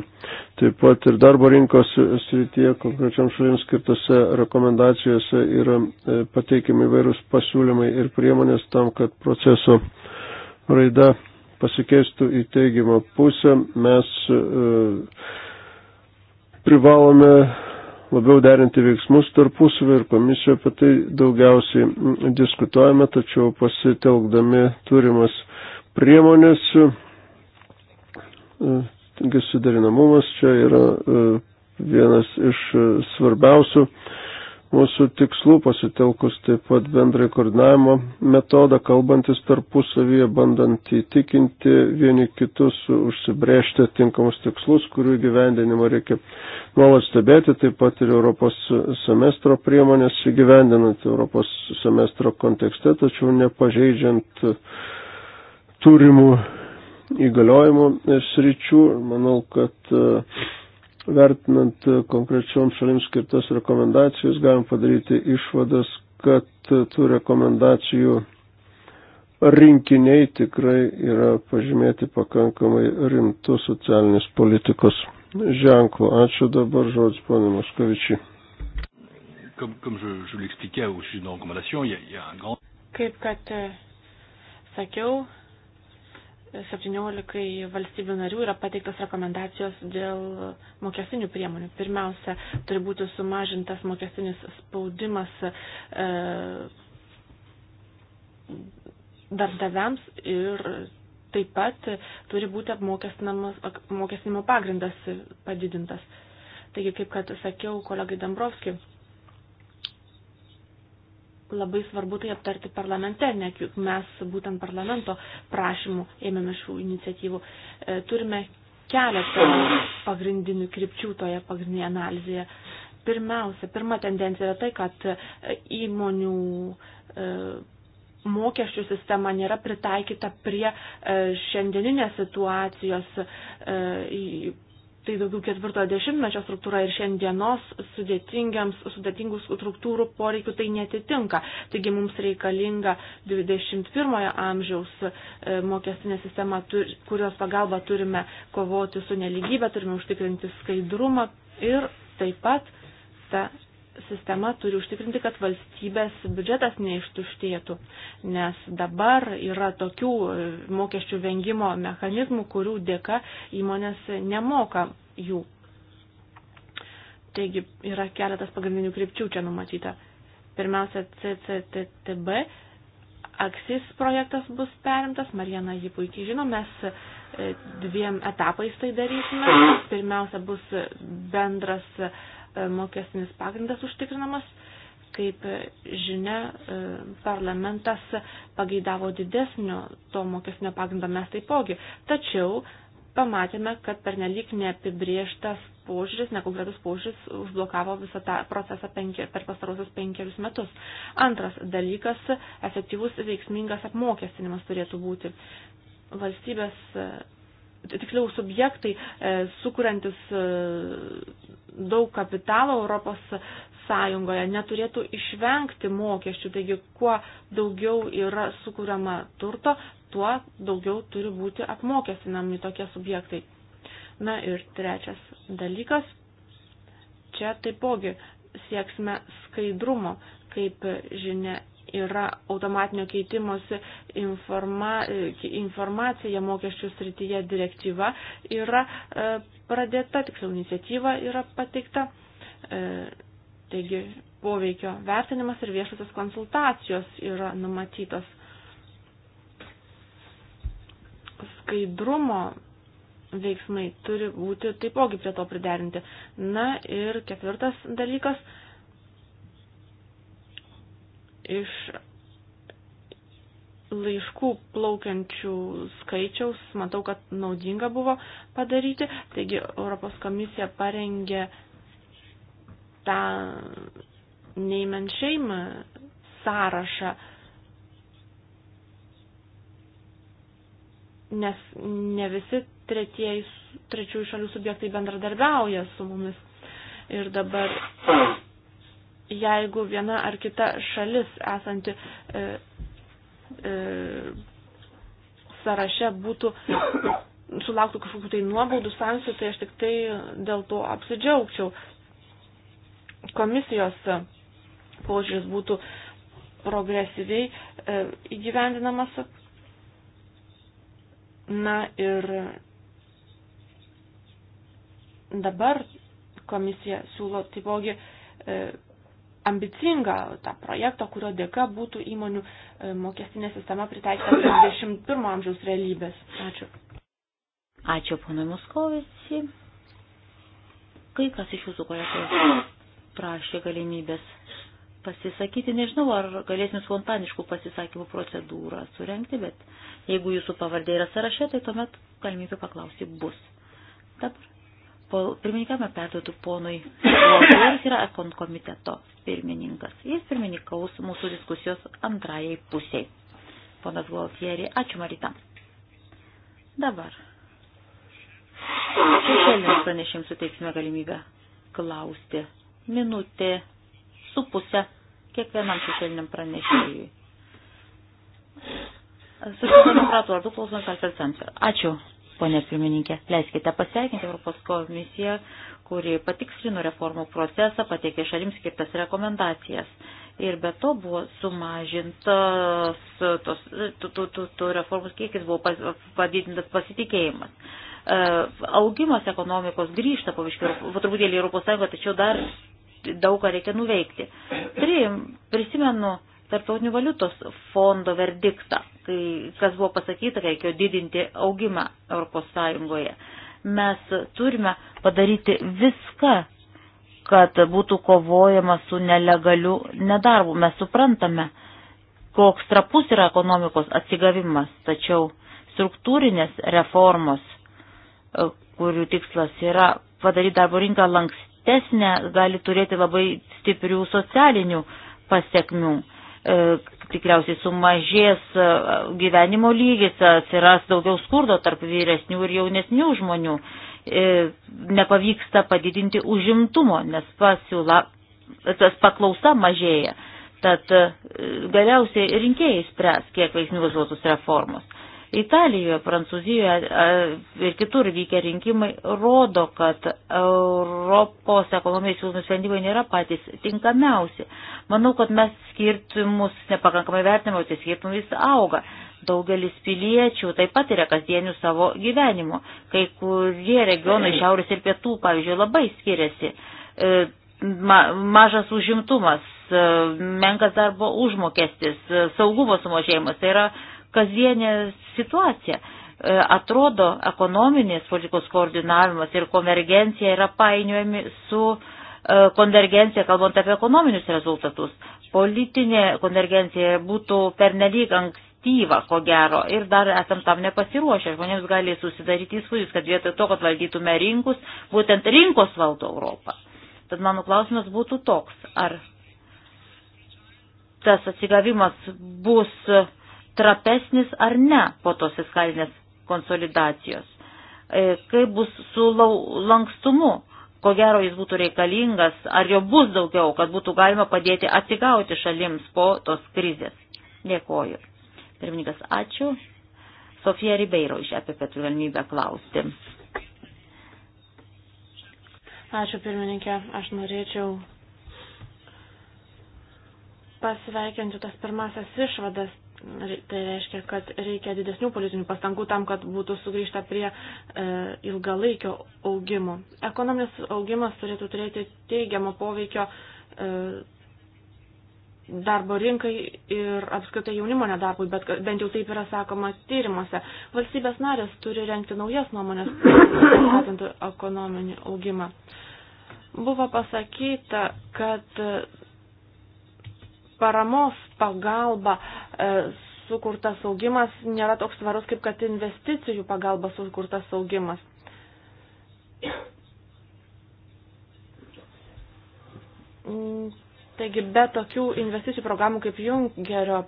taip pat ir darbo rinkos srityje, konkrečiam šalims skirtose rekomendacijose yra e, pateikiami vairūs pasiūlymai ir priemonės tam, kad proceso raida pasikeistų į teigiamą pusę. Mes e, privalome labiau derinti veiksmus tarpusavį ir komisijoje apie tai daugiausiai diskutuojame, tačiau pasitelkdami turimas priemonės e, Taigi suderinamumas čia yra e, vienas iš e, svarbiausių mūsų tikslų, pasitelkus taip pat bendrai koordinavimo metodą, kalbantis tarpusavyje, bandant įtikinti vieni kitus, užsibrėžti tinkamus tikslus, kurių gyvendinimo reikia nuolat stebėti, taip pat ir Europos semestro priemonės įgyvendinant Europos semestro kontekste, tačiau nepažeidžiant turimų įgaliojimo sričių. Manau, kad e, vertinant konkrečioms šalims skirtas rekomendacijas, galim padaryti išvadas, kad tų rekomendacijų rinkiniai tikrai yra pažymėti pakankamai rimtų socialinės politikos ženklų. Ačiū dabar žodžiu, ponė Moskovičiai. Kaip kad e, sakiau, 17 valstybių narių yra pateiktos rekomendacijos dėl mokestinių priemonių. Pirmiausia, turi būti sumažintas mokestinis spaudimas e, darbdaviams ir taip pat turi būti apmokestinimo pagrindas padidintas. Taigi, kaip kad sakiau kolegai Dambrovskijui, labai svarbu tai aptarti parlamente, net juk mes būtent parlamento prašymų ėmėme šių iniciatyvų. E, turime keletą pagrindinių krypčių toje pagrindinėje analizėje. Pirmiausia, pirma tendencija yra tai, kad įmonių e, mokesčių sistema nėra pritaikyta prie e, šiandieninės situacijos tai daugiau ketvirtojo dešimtmečio struktūra ir šiandienos sudėtingų struktūrų poreikių tai netitinka. Taigi mums reikalinga 21 amžiaus e, mokestinė sistema, kurios pagalba turime kovoti su neligybė, turime užtikrinti skaidrumą ir taip pat ta sistema turi užtikrinti, kad valstybės biudžetas neištuštėtų, nes dabar yra tokių e, mokesčių vengimo mechanizmų, kurių dėka įmonės nemoka jų. Taigi yra keletas pagrindinių krypčių čia numatyta. Pirmiausia, CCTB, Aksis projektas bus perimtas, Marijana jį puikiai žino, mes e, dviem etapais tai darysime. Pirmiausia, bus bendras uh, E, mokestinis pagrindas užtikrinamas. Kaip žinia, e, parlamentas pageidavo didesnio to mokestinio pagrindo mes taipogi. Tačiau pamatėme, kad pernelyg neapibrieštas požiūris, nekonkretus požiūris užblokavo visą tą procesą penki, per pastarosius penkerius metus. Antras dalykas - efektyvus veiksmingas apmokestinimas turėtų būti. Valstybės tiksliau subjektai, e, sukurantis e, daug kapitalo Europos Sąjungoje, neturėtų išvengti mokesčių. Taigi, kuo daugiau yra sukūriama turto, tuo daugiau turi būti apmokestinami tokie subjektai. Na ir trečias dalykas. Čia taipogi sieksime skaidrumo, kaip žinia yra automatinio keitimosi informa, informacija mokesčių srityje direktyva yra e, pradėta, tiksliau iniciatyva yra pateikta. E, taigi poveikio vertinimas ir viešasios konsultacijos yra numatytos. Skaidrumo veiksmai turi būti taipogi prie to priderinti. Na ir ketvirtas dalykas iš laiškų plaukiančių skaičiaus matau, kad naudinga buvo padaryti. Taigi Europos komisija parengė tą neimenšėjimą sąrašą, nes ne visi tretieji, trečiųjų šalių subjektai bendradarbiauja su mumis. Ir dabar jeigu viena ar kita šalis esanti e, e, sąraše būtų sulauktų kažkokių tai nuobaudų sankcijų, tai aš tik tai dėl to apsidžiaugčiau. Komisijos požiūris būtų progresyviai e, įgyvendinamas. Na ir dabar komisija siūlo taipogi e, ambicingą tą projektą, kurio dėka būtų įmonių e, mokestinė sistema pritaikyta 21 amžiaus realybės. Ačiū. Ačiū, ponai Moskovici. Kai kas iš jūsų kolegų prašė galimybės pasisakyti, nežinau, ar galėsim spontaniškų pasisakymų procedūrą surenkti, bet jeigu jūsų pavardė yra sąraše, tai tuomet galimybė paklausyti bus. Dabar pirmininkamą perduotų ponui kuris yra ekon komiteto pirmininkas. Jis pirmininkaus mūsų diskusijos antrajai pusiai. Ponas Gualtieri, ačiū Marita. Dabar. Šešėlėms pranešėms suteiksime galimybę klausti. Minutė su pusę kiekvienam šešėliniam pranešėjui. Socialdemokratų vardu klausomės Alfred Sancer. Ačiū, ponė pirmininkė. Leiskite pasveikinti Europos komisiją, kuri patikslino reformų procesą, pateikė šalims skirtas rekomendacijas. Ir be to buvo sumažintas tos, tų, tų, tų, tų reformų kiekis, buvo pas, padidintas pasitikėjimas. E, augimas ekonomikos grįžta, pavyzdžiui, truputėlį Europos Sąjunga, tačiau dar daug ką reikia nuveikti. Trim, prisimenu, tarptautinių valiutos fondo verdiktą, kai, kas buvo pasakyta, reikėjo didinti augimą Europos Sąjungoje. Mes turime padaryti viską, kad būtų kovojama su nelegaliu nedarbu. Mes suprantame, koks trapus yra ekonomikos atsigavimas, tačiau struktūrinės reformos, e, kurių tikslas yra padaryti darbo rinką lankstesnę, gali turėti labai stiprių socialinių pasiekmių. E, tikriausiai sumažės e, gyvenimo lygis, atsiras daugiau skurdo tarp vyresnių ir jaunesnių žmonių, e, nepavyksta padidinti užimtumo, nes pasiūla, tas paklausa mažėja. Tad galiausiai rinkėjai spręs, kiek veiksmingos bus reformos. Italijoje, Prancūzijoje ir kitur vykę rinkimai rodo, kad Europos ekonomijos siūlomi sprendimai nėra patys tinkamiausi. Manau, kad mes skirtumus nepakankamai vertiname, o tie skirtumai vis auga. Daugelis piliečių taip pat yra kasdienių savo gyvenimo. Kai kurie regionai šiaurės ir pietų, pavyzdžiui, labai skiriasi. E, ma, mažas užimtumas, e, menkas darbo užmokestis, e, saugumo sumažėjimas. Tai yra uh, kasdienė situacija. E, atrodo, ekonominės politikos koordinavimas ir konvergencija yra painiojami su e, konvergencija, kalbant apie ekonominius rezultatus. Politinė konvergencija būtų pernelyg ankstyva, ko gero, ir dar esam tam nepasiruošę. Žmonėms gali susidaryti įspūdis, kad vietoj to, kad valdytume rinkus, būtent rinkos valdo Europą. Tad mano klausimas būtų toks, ar tas atsigavimas bus trapesnis ar ne po tos fiskalinės konsolidacijos. E, kaip bus su lankstumu, ko gero jis būtų reikalingas, ar jo bus daugiau, kad būtų galima padėti atsigauti šalims po tos krizės. Dėkoju. Pirmininkas, ačiū. Sofija Ribeiro iš apie pietų galimybę klausti. Ačiū pirmininkė, aš norėčiau pasveikinti tas pirmasias išvadas Tai reiškia, kad reikia didesnių politinių pastangų tam, kad būtų sugrįžta prie e, ilgalaikio augimo. Ekonominis augimas turėtų turėti teigiamą poveikio e, darbo rinkai ir apskritai jaunimo nedarbui, bet bent jau taip yra sakoma tyrimuose. Valstybės narės turi renkti naujas nuomonės, skatintų ekonominį augimą. Buvo pasakyta, kad paramos pagalba uh, E, sukurtas augimas nėra toks svarus, kaip kad investicijų pagalba sukurtas augimas. Taigi be tokių investicijų programų kaip Junkerio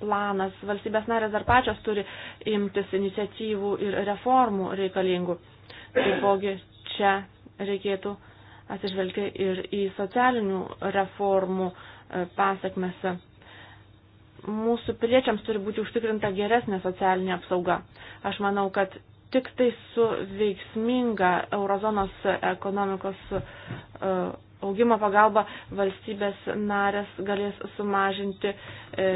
planas, valstybės narės dar pačios turi imtis iniciatyvų ir reformų reikalingų. Taipogi čia reikėtų atsižvelgti ir į socialinių reformų e, pasiekmes mūsų piliečiams turi būti užtikrinta geresnė socialinė apsauga. Aš manau, kad tik tai su veiksminga eurozonos ekonomikos e, augimo pagalba valstybės narės galės sumažinti e,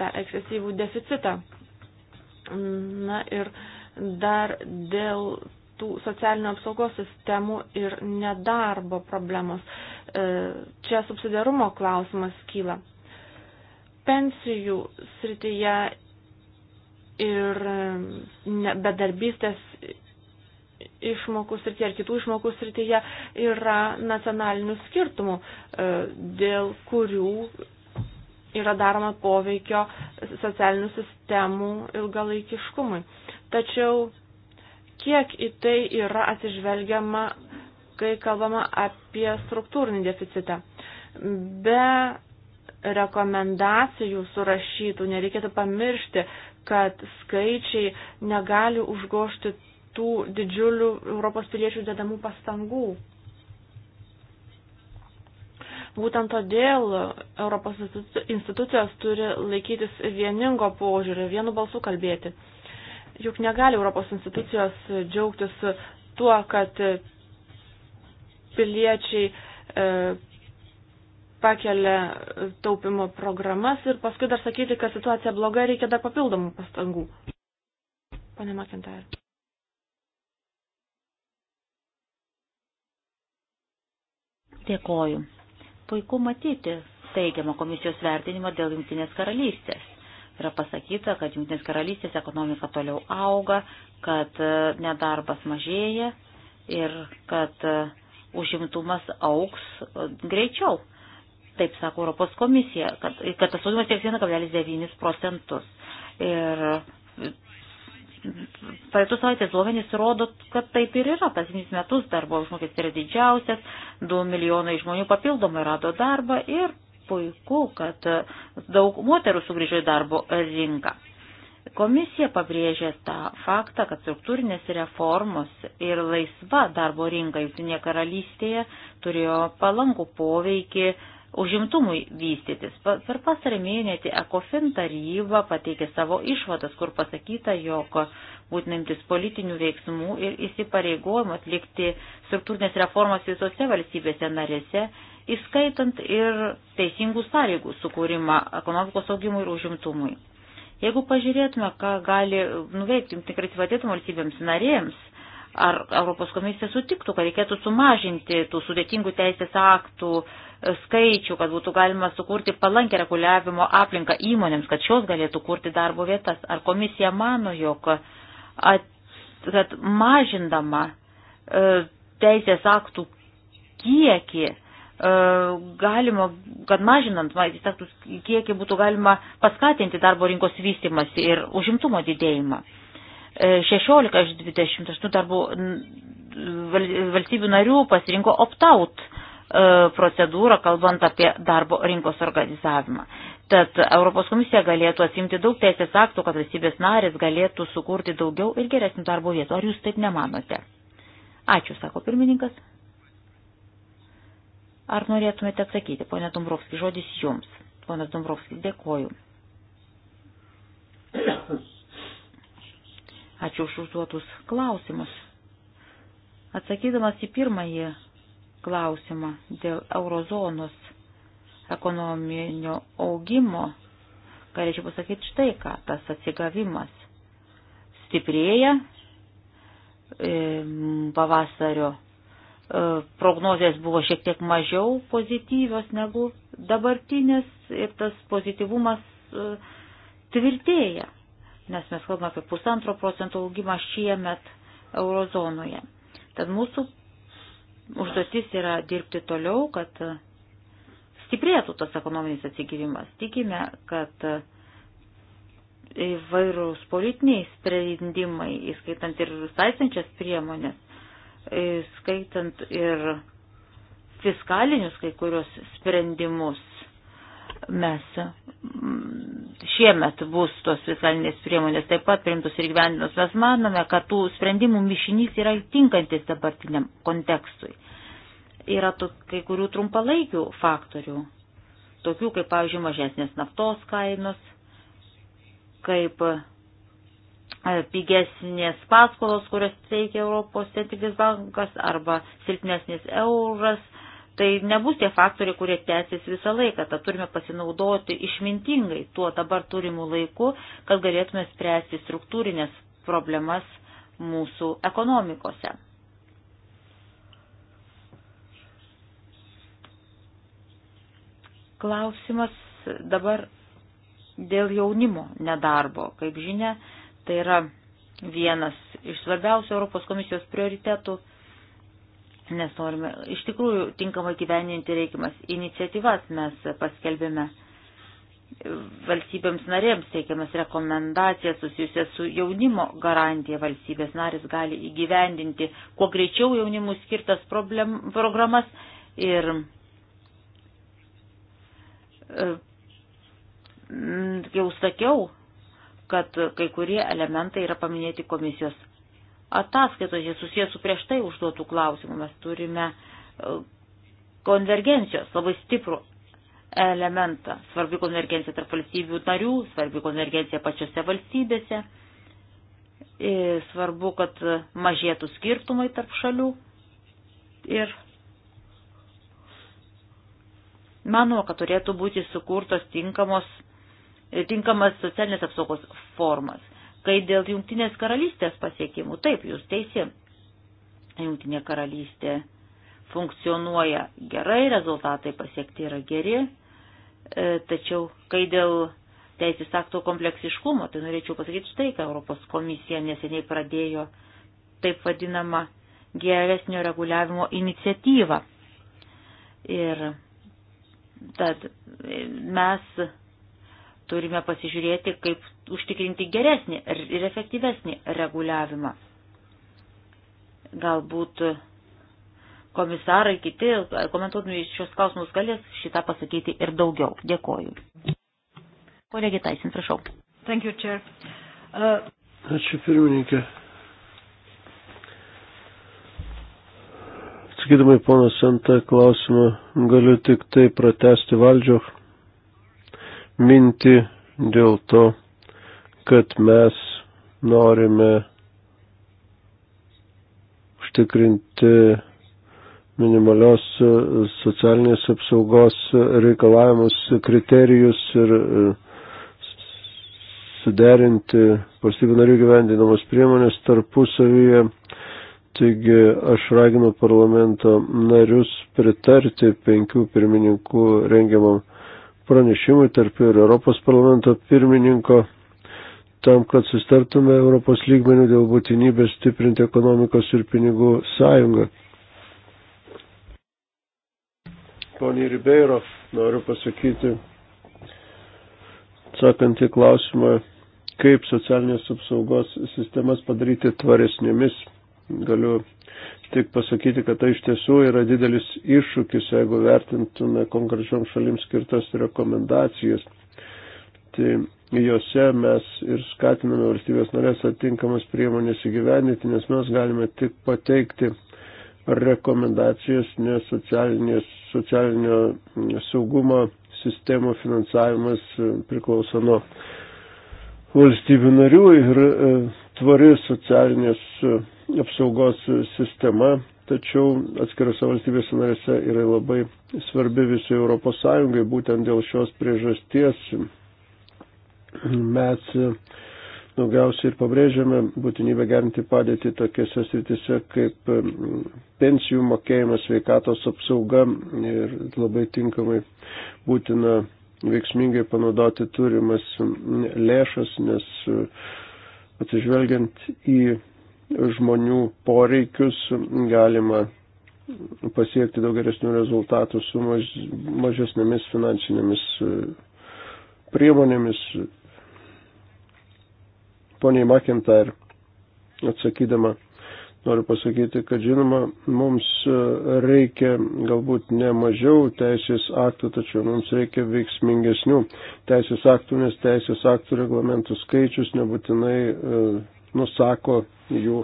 tą ekscesyvų deficitą. Na ir dar dėl tų socialinio apsaugos sistemų ir nedarbo problemos. E, čia subsidiarumo klausimas kyla pensijų srityje ir bedarbystės išmokų srityje ar kitų išmokų srityje yra nacionalinių skirtumų, e, dėl kurių yra daroma poveikio socialinių sistemų ilgalaikiškumui. Tačiau kiek į tai yra atsižvelgiama, kai kalbama apie struktūrinį deficitą? Be rekomendacijų surašytų, nereikėtų pamiršti, kad skaičiai negali užgošti tų didžiulių Europos piliečių dedamų pastangų. Būtent todėl Europos institucijos turi laikytis vieningo požiūrio, vienu balsu kalbėti. Juk negali Europos institucijos džiaugtis tuo, kad piliečiai e, pakelia taupimo programas ir paskui dar sakyti, kad situacija bloga, reikia dar papildomų pastangų. Pane Makintar. Dėkoju. Puiku matyti teigiamą komisijos vertinimą dėl Junktinės karalystės. Yra pasakyta, kad Junktinės karalystės ekonomika toliau auga, kad e, nedarbas mažėja ir kad e, užimtumas auks e, greičiau Taip sako Europos komisija, kad, kad tas augimas tieks 1,9 procentus. Ir praeitų savaitės duomenys rodo, kad taip ir yra. Tas metus darbo užmokestis yra didžiausias, 2 milijonai žmonių papildomai rado darbą ir puiku, kad daug moterų sugrįžo į darbo rinką. Komisija pabrėžė tą faktą, kad struktūrinės reformos ir laisva darbo rinka Junktinėje karalystėje turėjo palankų poveikį užimtumui vystytis. Per pastarį mėnesį ECOFIN taryba pateikė savo išvadas, kur pasakyta, jog būtinimtis politinių veiksmų ir įsipareigojimų atlikti struktūrinės reformas visose valstybėse narėse, įskaitant ir teisingų sąlygų sukūrimą ekonomikos augimui ir užimtumui. Jeigu pažiūrėtume, ką gali nuveikti tikrai svatėtum valstybėms narėms, ar Europos komisija sutiktų, kad reikėtų sumažinti tų sudėtingų teisės aktų e, skaičių, kad būtų galima sukurti palankę reguliavimo aplinką įmonėms, kad šios galėtų kurti darbo vietas. Ar komisija mano, jog at, kad mažindama e, teisės aktų kiekį, e, galima, kad mažinant vaistų kiekį būtų galima paskatinti darbo rinkos vystimasi ir užimtumo didėjimą. 16 iš 28 darbų valstybių narių pasirinko opt-out e, procedūrą, kalbant apie darbo rinkos organizavimą. Tad Europos komisija galėtų atsimti daug teisės aktų, kad valstybės narės galėtų sukurti daugiau ir geresnių darbo vietų. Ar jūs taip nemanote? Ačiū, sako pirmininkas. Ar norėtumėte atsakyti, ponė Dombrovski, žodis jums. Ponas Dombrovskis, dėkoju. Ačiū už užduotus klausimus. Atsakydamas į pirmąjį klausimą dėl eurozonos ekonominio augimo, galėčiau pasakyti štai ką, tas atsigavimas stiprėja, pavasario e, prognozijas buvo šiek tiek mažiau pozityvios negu dabartinės ir tas pozityvumas e, tvirtėja nes mes kalbame apie pusantro procento augimą šiemet eurozonoje. Tad mūsų užduotis yra dirbti toliau, kad stiprėtų tas ekonominis atsigyvimas. Tikime, kad įvairūs politiniai sprendimai, įskaitant ir taisančias priemonės, įskaitant ir fiskalinius kai kurios sprendimus, Mes mm, šiemet bus tos fiskalinės priemonės taip pat primtus ir gyvendinos. Mes manome, kad tų sprendimų mišinys yra tinkantis dabartiniam kontekstui. Yra to, kai kurių trumpalaikių faktorių, tokių kaip, pavyzdžiui, mažesnės naftos kainos, kaip e, pigesnės paskolos, kurias teikia Europos centrinis bankas, arba silpnesnis euras, Tai nebus tie faktoriai, kurie tęsis visą laiką, tad turime pasinaudoti išmintingai tuo dabar turimų laiku, kad galėtume spręsti struktūrinės problemas mūsų ekonomikose. Klausimas dabar dėl jaunimo nedarbo. Kaip žinia, tai yra vienas iš svarbiausių Europos komisijos prioritetų nes norime iš tikrųjų tinkamai gyveninti reikimas iniciatyvas mes paskelbėme valstybėms narėms teikiamas rekomendacijas susijusias su jaunimo garantija valstybės narys gali įgyvendinti kuo greičiau jaunimui skirtas problem, programas ir e, jau sakiau, kad kai kurie elementai yra paminėti komisijos ataskaitoje susijęs su prieš tai užduotų klausimų. Mes turime e, konvergencijos labai stiprų elementą. Svarbi konvergencija tarp valstybių narių, svarbi konvergencija pačiose valstybėse. E, svarbu, kad mažėtų skirtumai tarp šalių. Ir manau, kad turėtų būti sukurtos tinkamos, tinkamas socialinės apsaugos formas. Kai dėl jungtinės karalystės pasiekimų, taip, jūs teisi, jungtinė karalystė funkcionuoja gerai, rezultatai pasiekti yra geri, e, tačiau kai dėl teisės akto kompleksiškumo, tai norėčiau pasakyti štai, ką Europos komisija neseniai pradėjo taip vadinamą geresnio reguliavimo iniciatyvą. Ir tad e, mes turime pasižiūrėti, kaip užtikrinti geresnį ir efektyvesnį reguliavimą. Galbūt komisarai kiti, komentuodami šios klausimus, galės šitą pasakyti ir daugiau. Dėkoju. Kolegė Taisin, prašau. Thank you, Chair. Uh... Ačiū pirmininkė. Atsakydama į pono Santą klausimą, galiu tik tai pratesti valdžio mintį dėl to, kad mes norime užtikrinti minimalios socialinės apsaugos reikalavimus, kriterijus ir e, suderinti valstybių narių gyvendinamas priemonės tarpusavyje. Taigi aš raginu parlamento narius pritarti penkių pirmininkų rengiamam pranešimui tarp ir Europos parlamento pirmininko tam, kad sustartume Europos lygmenių dėl būtinybės stiprinti ekonomikos ir pinigų sąjungą. Pone Ribeiro, noriu pasakyti, atsakant į klausimą, kaip socialinės apsaugos sistemas padaryti tvaresnėmis Galiu tik pasakyti, kad tai iš tiesų yra didelis iššūkis, jeigu vertintume konkrečiom šalims skirtas rekomendacijas. Tai juose mes ir skatiname valstybės norės atinkamas priemonės įgyvendyti, nes mes galime tik pateikti rekomendacijas, nes socialinio saugumo sistemų finansavimas e, priklauso nuo valstybių narių ir e, tvari socialinės e, apsaugos sistema, tačiau atskirose valstybės narėse yra labai svarbi visai Europos Sąjungai. Būtent dėl šios priežasties mes daugiausiai ir pabrėžiame būtinybę gerinti padėtį tokiuose sritise kaip pensijų mokėjimas, sveikatos apsauga ir labai tinkamai būtina veiksmingai panaudoti turimas lėšas, nes atsižvelgiant į žmonių poreikius galima pasiekti daug geresnių rezultatų su maž, mažesnėmis finansinėmis e, priemonėmis. Poniai Makintar, atsakydama, noriu pasakyti, kad žinoma, mums e, reikia galbūt ne mažiau teisės aktų, tačiau mums reikia veiksmingesnių teisės aktų, nes teisės aktų reglamentų skaičius nebūtinai uh, nusako jų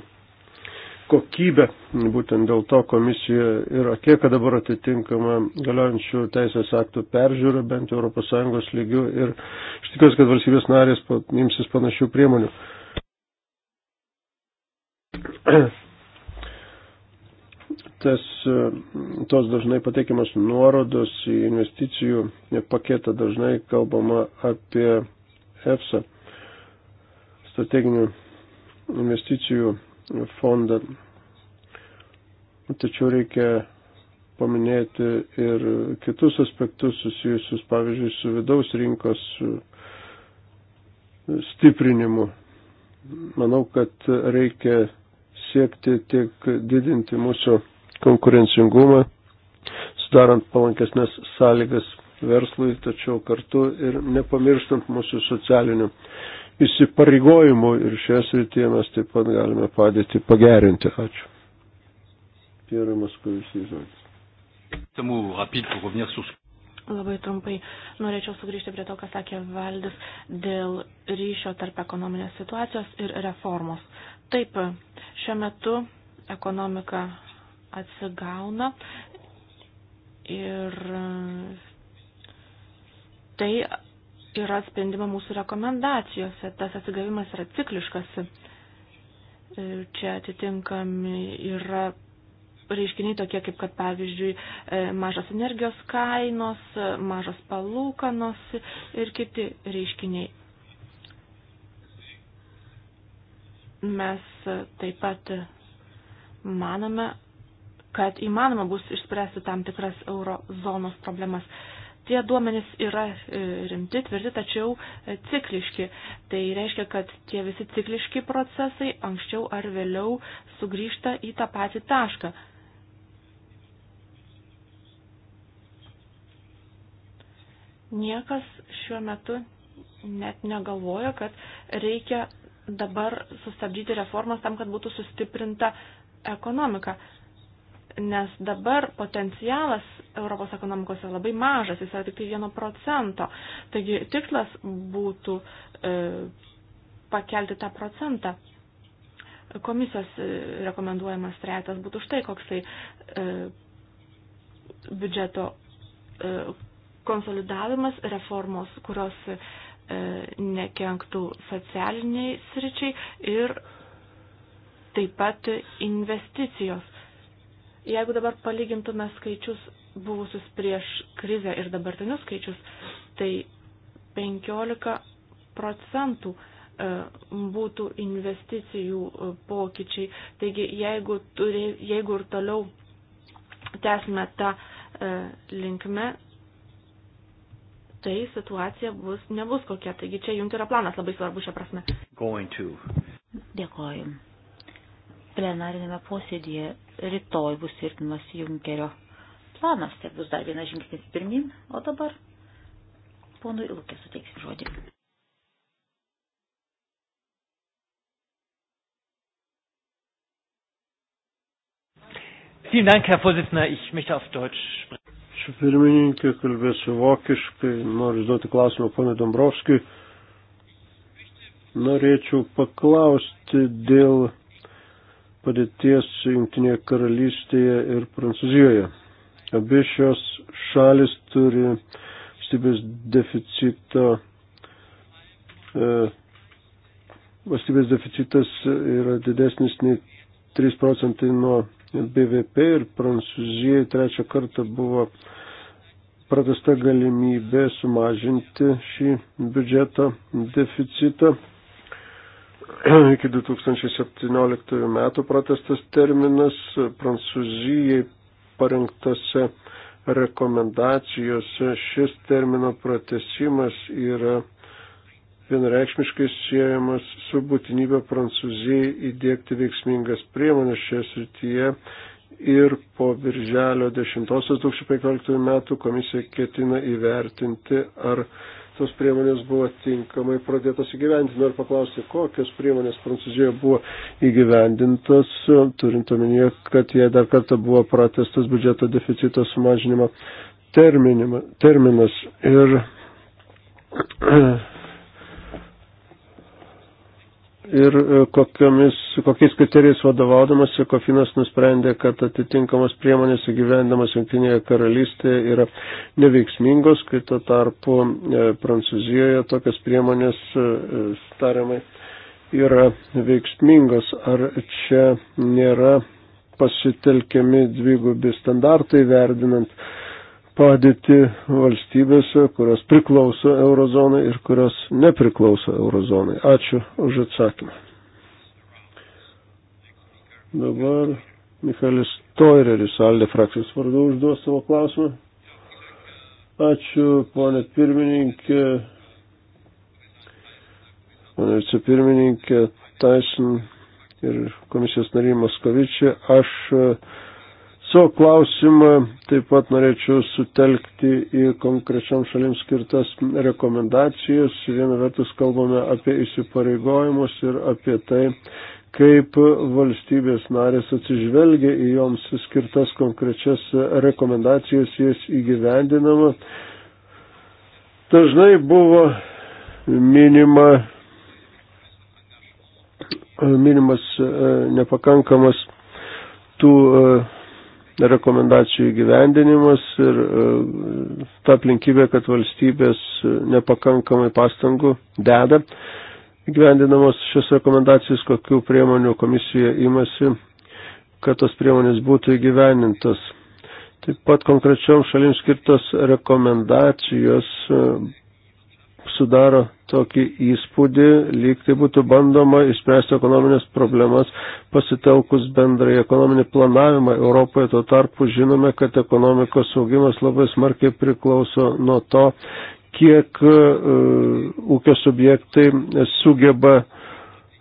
kokybę. Būtent dėl to komisija ir atlieka dabar atitinkamą galiojančių teisės aktų peržiūrą bent ES lygių ir aš tikiuosi, kad valstybės narės imsis panašių priemonių. Tas, tos dažnai pateikiamas nuorodos į investicijų paketą dažnai kalbama apie EFSA strateginių investicijų fondą. Tačiau reikia paminėti ir kitus aspektus susijusius, pavyzdžiui, su vidaus rinkos stiprinimu. Manau, kad reikia siekti tik didinti mūsų konkurencingumą, sudarant palankesnės sąlygas verslui, tačiau kartu ir nepamirštant mūsų socialinių įsipareigojimų ir šioje srityje mes taip pat galime padėti pagerinti. Ačiū. Pierre Moskovičiai žodis. Labai trumpai norėčiau sugrįžti prie to, ką sakė Valdis dėl ryšio tarp ekonominės situacijos ir reformos. Taip, šiuo metu ekonomika atsigauna ir tai yra atspendima mūsų rekomendacijose. Tas atsigavimas yra cikliškas. Čia atitinkami yra reiškiniai tokie, kaip kad pavyzdžiui e, mažas energijos kainos, mažas palūkanos ir kiti reiškiniai. Mes taip pat manome, kad įmanoma bus išspręsti tam tikras eurozonos problemas. Tie duomenys yra e, rimti, tvirti, tačiau e, cikliški. Tai reiškia, kad tie visi cikliški procesai anksčiau ar vėliau sugrįžta į tą patį tašką. Niekas šiuo metu net negalvoja, kad reikia dabar sustabdyti reformas tam, kad būtų sustiprinta ekonomika nes dabar potencialas Europos ekonomikos yra labai mažas, jis yra tik tai 1 procento. Taigi tikslas būtų e, pakelti tą procentą. Komisijos e, rekomenduojamas trejatas būtų štai koksai e, biudžeto e, konsolidavimas, reformos, kurios e, nekenktų socialiniai sričiai ir taip pat investicijos Jeigu dabar palygintume skaičius buvusius prieš krizę ir dabartinius skaičius, tai 15 procentų e, būtų investicijų e, pokyčiai. Taigi, jeigu, turė, jeigu ir toliau tęsime tą e, linkme, tai situacija bus, nebus kokia. Taigi čia Junkerio planas labai svarbu šią prasme. Dėkoju plenarinėme posėdėje rytoj bus tvirtinamas Junkerio planas, tai bus dar vienas žingsnis pirmin, o dabar ponui Ilukė suteiksim žodį. Vielen Dank, Herr Vorsitzender. Ich möchte auf Deutsch sprechen. Ačiū pirmininkė, kalbėsiu vokiškai, noriu duoti klausimą ponui Dombrovskijui. Norėčiau paklausti dėl padėties Junktinėje karalystėje ir Prancūzijoje. Abi šios šalis turi valstybės deficito, e, valstybės deficitas yra didesnis nei 3 procentai nuo BVP ir Prancūzijai trečią kartą buvo pradasta galimybė sumažinti šį biudžeto deficitą iki 2017 metų protestas terminas Prancūzijai parengtose rekomendacijose šis termino pratesimas yra vienareikšmiškai siejamas su būtinybė Prancūzijai įdėkti veiksmingas priemonės šioje srityje ir po birželio 10-2015 metų komisija ketina įvertinti, ar tos priemonės buvo tinkamai pradėtos įgyvendinti. Noriu paklausti, kokios priemonės Prancūzijoje buvo įgyvendintos, turint omenyje, kad jie dar kartą buvo pratestas biudžeto deficito sumažinimo terminas. Ir ir e, kokiamis, kokiais kriterijais vadovaudamas Kofinas nusprendė, kad atitinkamos priemonės įgyvendamas Junktinėje karalystėje yra neveiksmingos, kai tuo tarpu e, Prancūzijoje tokias priemonės e, tariamai yra veiksmingos. Ar čia nėra pasitelkiami dvigubi standartai verdinant padėti valstybėse, kurios priklauso eurozonai ir kurios nepriklauso eurozonai. Ačiū už atsakymą. Dabar Michaelis Toireris, Aldė frakcijos vardu, užduos savo klausimą. Ačiū, ponė pirmininkė, ponė vicepirmininkė Tyson ir komisijos nariai Moskovičiai. Aš uh, Savo klausimą taip pat norėčiau sutelkti į konkrečiam šalims skirtas rekomendacijas. Viena vertus kalbame apie įsipareigojimus ir apie tai, kaip valstybės narės atsižvelgia į joms skirtas konkrečias rekomendacijas, jas įgyvendinama. Dažnai buvo minima, minimas e, nepakankamas tų uh, rekomendacijų įgyvendinimas ir e, ta aplinkybė, kad valstybės e, nepakankamai pastangų deda įgyvendinamos šios rekomendacijos, kokių priemonių komisija imasi, kad tos priemonės būtų įgyvendintos. Taip pat konkrečiom šalims skirtos rekomendacijos e, sudaro tokį įspūdį, lyg tai būtų bandoma išspręsti ekonominės problemas pasitelkus bendrai ekonominį planavimą. Europoje tuo tarpu žinome, kad ekonomikos saugimas labai smarkiai priklauso nuo to, kiek uh, ūkio subjektai sugeba uh,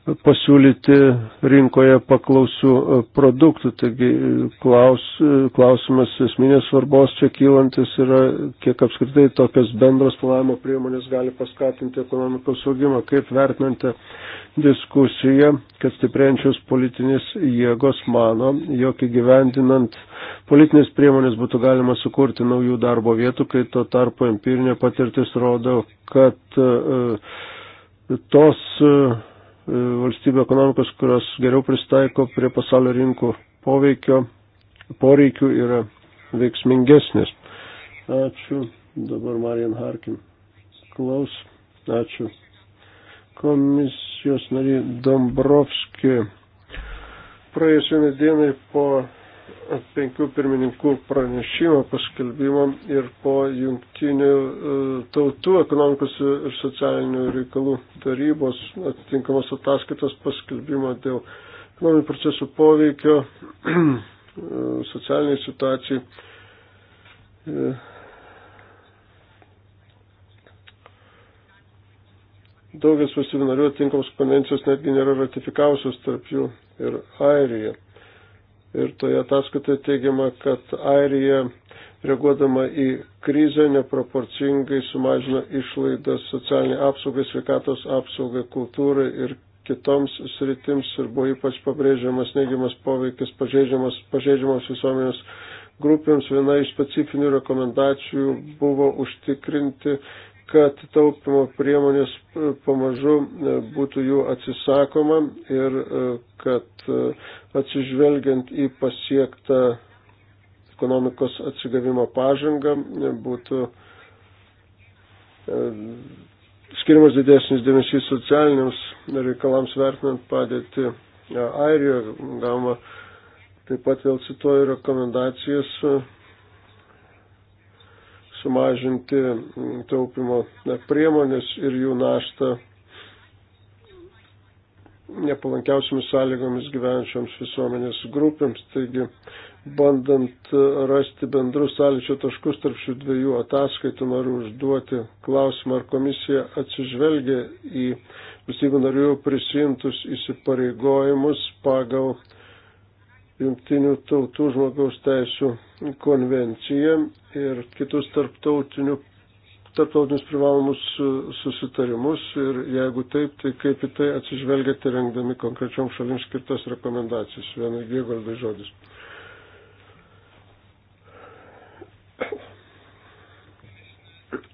pasiūlyti rinkoje paklausių e, produktų. Taigi e, klaus, e, klausimas esminės svarbos čia kylantis yra, kiek apskritai tokios bendros planavimo priemonės gali paskatinti ekonomikos augimą, kaip vertinate diskusiją, kad stiprėjančios politinės jėgos mano, jog įgyvendinant politinės priemonės būtų galima sukurti naujų darbo vietų, kai tuo tarpu empirinė patirtis rodo, kad uh, tos uh, E, valstybių ekonomikos, kurios geriau pristaiko prie pasaulio rinkų poveikio, poreikių yra veiksmingesnės. Ačiū. Dabar Marian Harkin. Klaus. Ačiū. Komisijos nariai Dombrovski. Praėjusią dieną po penkių pirmininkų pranešimo paskelbimo ir po jungtinių e, tautų ekonomikos ir socialinių reikalų tarybos atitinkamos ataskaitos paskelbimo dėl ekonominių procesų poveikio e, socialiniai situacijai. E, daugelis valstybių narių atitinkamos konvencijos netgi nėra ratifikavusios tarp jų ir Airija ir toje ataskaitoje teigiama, kad Airija reaguodama į krizę neproporcingai sumažino išlaidas socialiniai apsaugai, sveikatos apsaugai, kultūrai ir kitoms sritims ir buvo ypač pabrėžiamas neigiamas poveikis pažeidžiamos visuomenės grupėms. Viena iš specifinių rekomendacijų buvo užtikrinti kad taupimo priemonės pamažu e, būtų jų atsisakoma ir e, kad e, atsižvelgiant į pasiektą ekonomikos atsigavimo pažangą būtų skirimas didesnis dėmesys socialiniams reikalams vertinant padėti Airijoje. Gama taip pat vėl cituoju rekomendacijas sumažinti mm, taupimo priemonės ir jų naštą nepalankiausiamis sąlygomis gyvenčioms visuomenės grupėms. Taigi, bandant rasti bendrus sąlyčio taškus tarp šių dviejų ataskaitų, noriu užduoti klausimą, ar komisija atsižvelgia į visų narių prisimtus įsipareigojimus pagal Junktinių tautų žmogaus teisų konvenciją ir kitus tarptautinių, tarptautinius privalomus susitarimus ir jeigu taip, tai kaip į tai atsižvelgiate rengdami konkrečiom šalim skirtas rekomendacijas. Vienai Giegaldai žodis.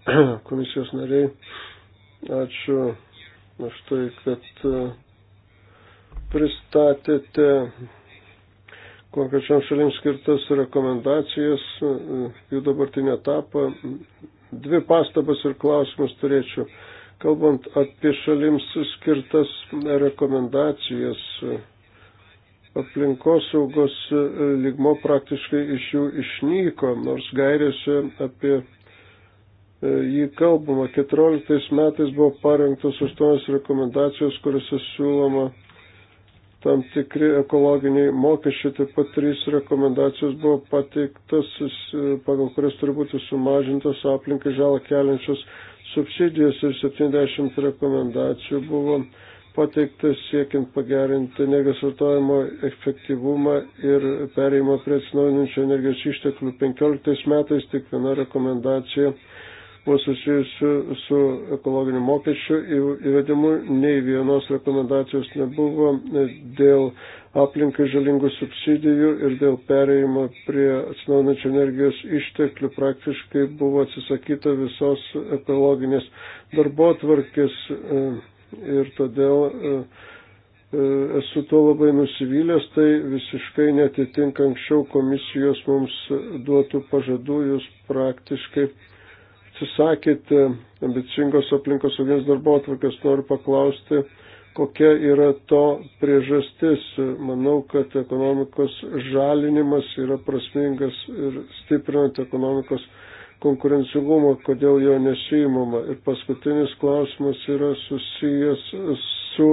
Komisijos nariai, ačiū už tai, kad uh, pristatėte konkrečiam šalims skirtas rekomendacijas, jų dabartinį etapą. Dvi pastabas ir klausimus turėčiau. Kalbant apie šalims skirtas rekomendacijas, aplinkosaugos ligmo praktiškai iš jų išnyko, nors gairėse apie e, jį kalbama. 14 metais buvo parengtos 8 rekomendacijos, kuriuose siūloma tam tikri ekologiniai mokesčiai, taip pat trys rekomendacijos buvo pateiktas, pagal kurias turi būti sumažintos aplinkai žalą keliančios subsidijos ir 70 rekomendacijų buvo pateiktas siekiant pagerinti energijos vartojimo efektyvumą ir pereimo prie atsinaujinančio energijos išteklių. 15 metais tik viena rekomendacija buvo susijusių su ekologiniu mokesčiu įvedimu, nei vienos rekomendacijos nebuvo e, dėl aplinkai žalingų subsidijų ir dėl pereimo prie atsinaujinančių energijos išteklių praktiškai buvo atsisakyta visos ekologinės darbo tvarkės e, ir todėl e, esu tuo labai nusivylęs, tai visiškai netitinka anksčiau komisijos mums duotų pažadų, jūs praktiškai atsisakėte ambicingos aplinkos saugės darbo atvarkės, noriu paklausti, kokia yra to priežastis. Manau, kad ekonomikos žalinimas yra prasmingas ir stiprinant ekonomikos konkurencingumą, kodėl jo nesijimama. Ir paskutinis klausimas yra susijęs su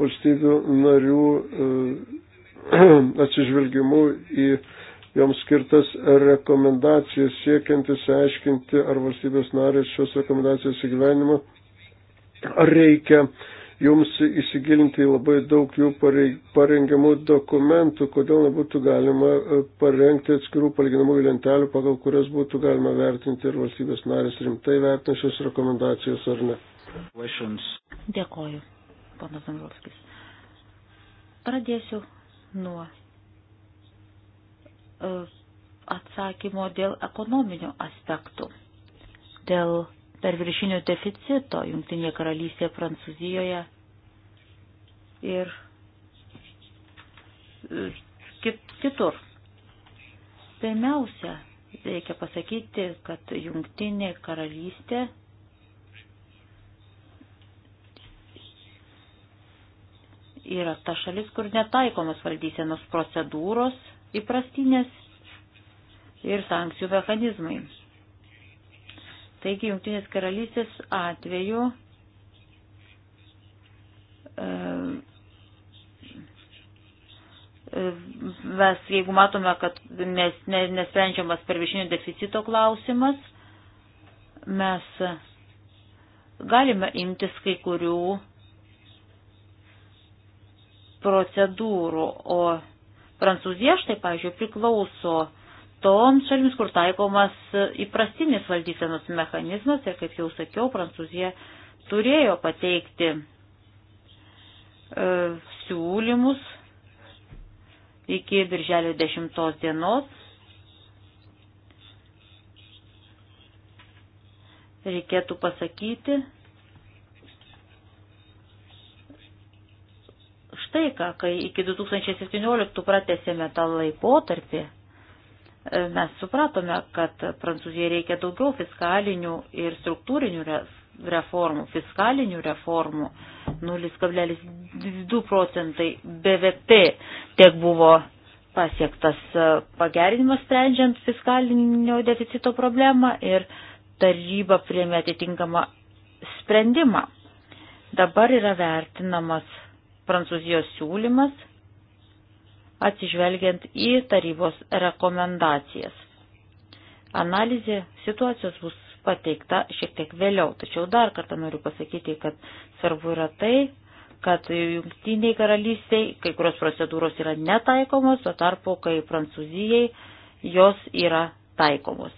valstybių narių e, atsižvelgimu į joms skirtas rekomendacijas siekiant įsiaiškinti, ar valstybės narės šios rekomendacijos įgyvenimą, ar reikia jums įsigilinti į labai daug jų parengiamų dokumentų, kodėl nebūtų galima e, parengti atskirų palyginamųjų lentelių, pagal kurias būtų galima vertinti, ar valstybės narės rimtai vertina šios rekomendacijos ar ne. Dėkoju, ponas Zangrovskis. Pradėsiu nuo E, atsakymo dėl ekonominių aspektų, dėl perviršinio deficito Junktinėje karalystėje, Prancūzijoje ir e, kitur. Pirmiausia, reikia pasakyti, kad Junktinė karalystė yra ta šalis, kur netaikomas valdysenos procedūros įprastinės ir sankcijų mechanizmai. Taigi, Junktinės karalystės atveju e, e, mes, jeigu matome, kad nes, nesprendžiamas per viešinio deficito klausimas, mes galime imtis kai kurių procedūrų, o Prancūzija štai, pažiūrėjau, priklauso toms šalims, kur taikomas įprastinis valdysenos mechanizmas ir, kaip jau sakiau, Prancūzija turėjo pateikti e, siūlymus iki birželio 10 dienos. Reikėtų pasakyti, štai ką, kai iki 2017 pratesėme tą laikotarpį, e, mes supratome, kad Prancūzijai reikia daugiau fiskalinių ir struktūrinių reformų, fiskalinių reformų 0,2 procentai BVP tiek buvo pasiektas e, pagerinimas sprendžiant fiskalinio deficito problemą ir taryba priėmė atitinkamą sprendimą. Dabar yra vertinamas Prancūzijos siūlymas, atsižvelgiant į tarybos rekomendacijas. Analizė situacijos bus pateikta šiek tiek vėliau, tačiau dar kartą noriu pasakyti, kad svarbu yra tai, kad jungtiniai karalystiai kai kurios procedūros yra netaikomos, o tarpu, kai Prancūzijai jos yra taikomos.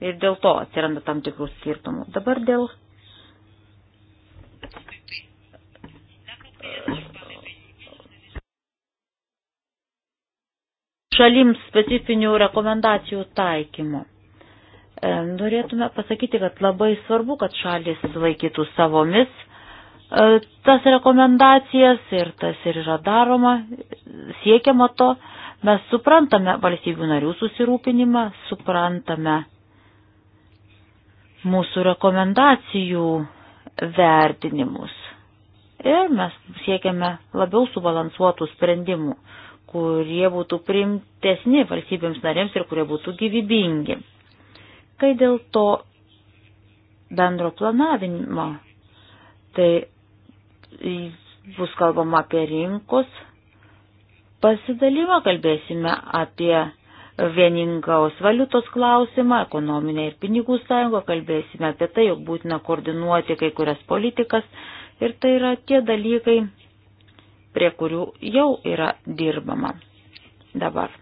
Ir dėl to atsiranda tam tikrų skirtumų. Dabar dėl šalims specifinių rekomendacijų taikymu. E, norėtume pasakyti, kad labai svarbu, kad šalis laikytų savomis e, tas rekomendacijas ir tas ir yra daroma, siekiama to, mes suprantame valstybių narių susirūpinimą, suprantame mūsų rekomendacijų vertinimus ir mes siekiame labiau subalansuotų sprendimų kurie būtų primtesni valstybėms narėms ir kurie būtų gyvybingi. Kai dėl to bendro planavimo, tai bus kalbama apie rinkos pasidalimą, kalbėsime apie vieningaus valiutos klausimą, ekonominę ir pinigų sąjungą, kalbėsime apie tai, jog būtina koordinuoti kai kurias politikas ir tai yra tie dalykai, prie kurių jau yra dirbama dabar.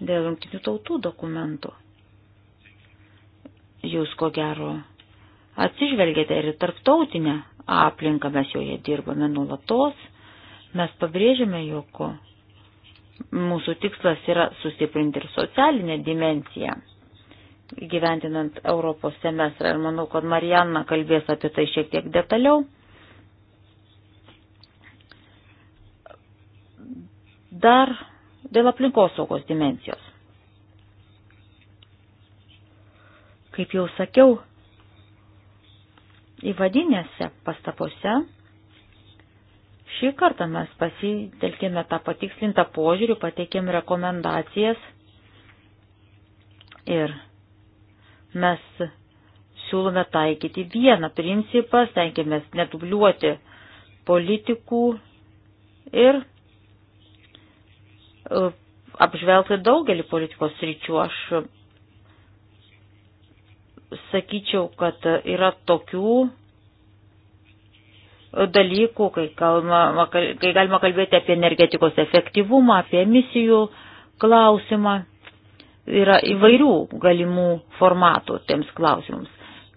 Dėl jungtinių tautų dokumentų. Jūs ko gero atsižvelgėte ir tarptautinę aplinką, mes joje dirbame nulatos, mes pabrėžiame, jog mūsų tikslas yra sustiprinti ir socialinę dimenciją gyventinant Europos semestrą. Ir manau, kad Marijanna kalbės apie tai šiek tiek detaliau. Dar dėl aplinkosaugos dimensijos. Kaip jau sakiau, įvadinėse pastabose šį kartą mes pasitelkėme tą patikslintą požiūrį, pateikėm rekomendacijas ir mes siūlome taikyti vieną principą, stengiamės nedubliuoti politikų ir E, apžvelgti daugelį politikos ryčių. Aš sakyčiau, kad yra tokių dalykų, kai, kalma, kai galima kalbėti apie energetikos efektyvumą, apie emisijų klausimą. Yra įvairių galimų formatų tiems klausimams.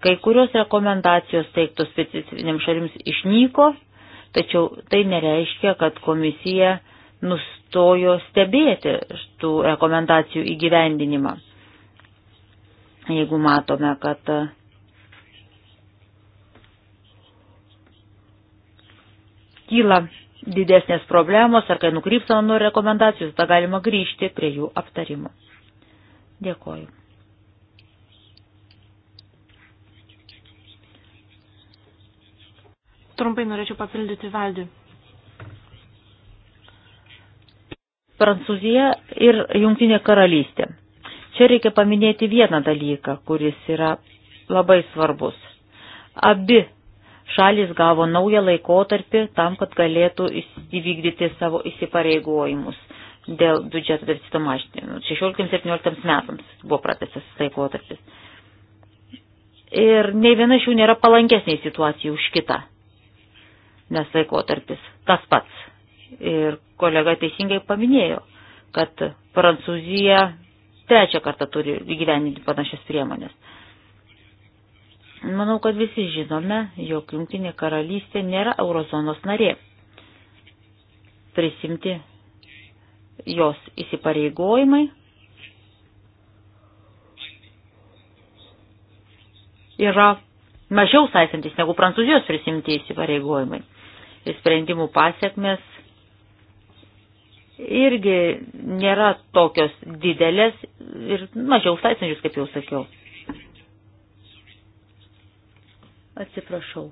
Kai kurios rekomendacijos teiktos specifiniam šalims išnyko, tačiau tai nereiškia, kad komisija nustojo stebėti tų rekomendacijų įgyvendinimą. Jeigu matome, kad e, kyla didesnės problemos ar kai nukrypsama nuo rekomendacijų, tada galima grįžti prie jų aptarimų. Dėkoju. Trumpai norėčiau papildyti valdį. Prancūzija ir Jungtinė karalystė. Čia reikia paminėti vieną dalyką, kuris yra labai svarbus. Abi šalis gavo naują laikotarpį tam, kad galėtų įvykdyti savo įsipareigojimus dėl biudžeto deficito mažinimo. 16-17 metams buvo pratęsęs laikotarpis. Ir nei viena iš jų nėra palankesnė situacija už kitą, nes laikotarpis tas pats. Ir kolega teisingai paminėjo, kad Prancūzija trečią kartą turi įgyveninti panašias priemonės. Manau, kad visi žinome, jog Junktinė karalystė nėra eurozonos narė. Prisimti jos įsipareigojimai yra mažiau saisantis negu Prancūzijos prisimti įsipareigojimai. Ir sprendimų pasiekmes irgi nėra tokios didelės ir mažiau staisančius, kaip jau sakiau. Atsiprašau.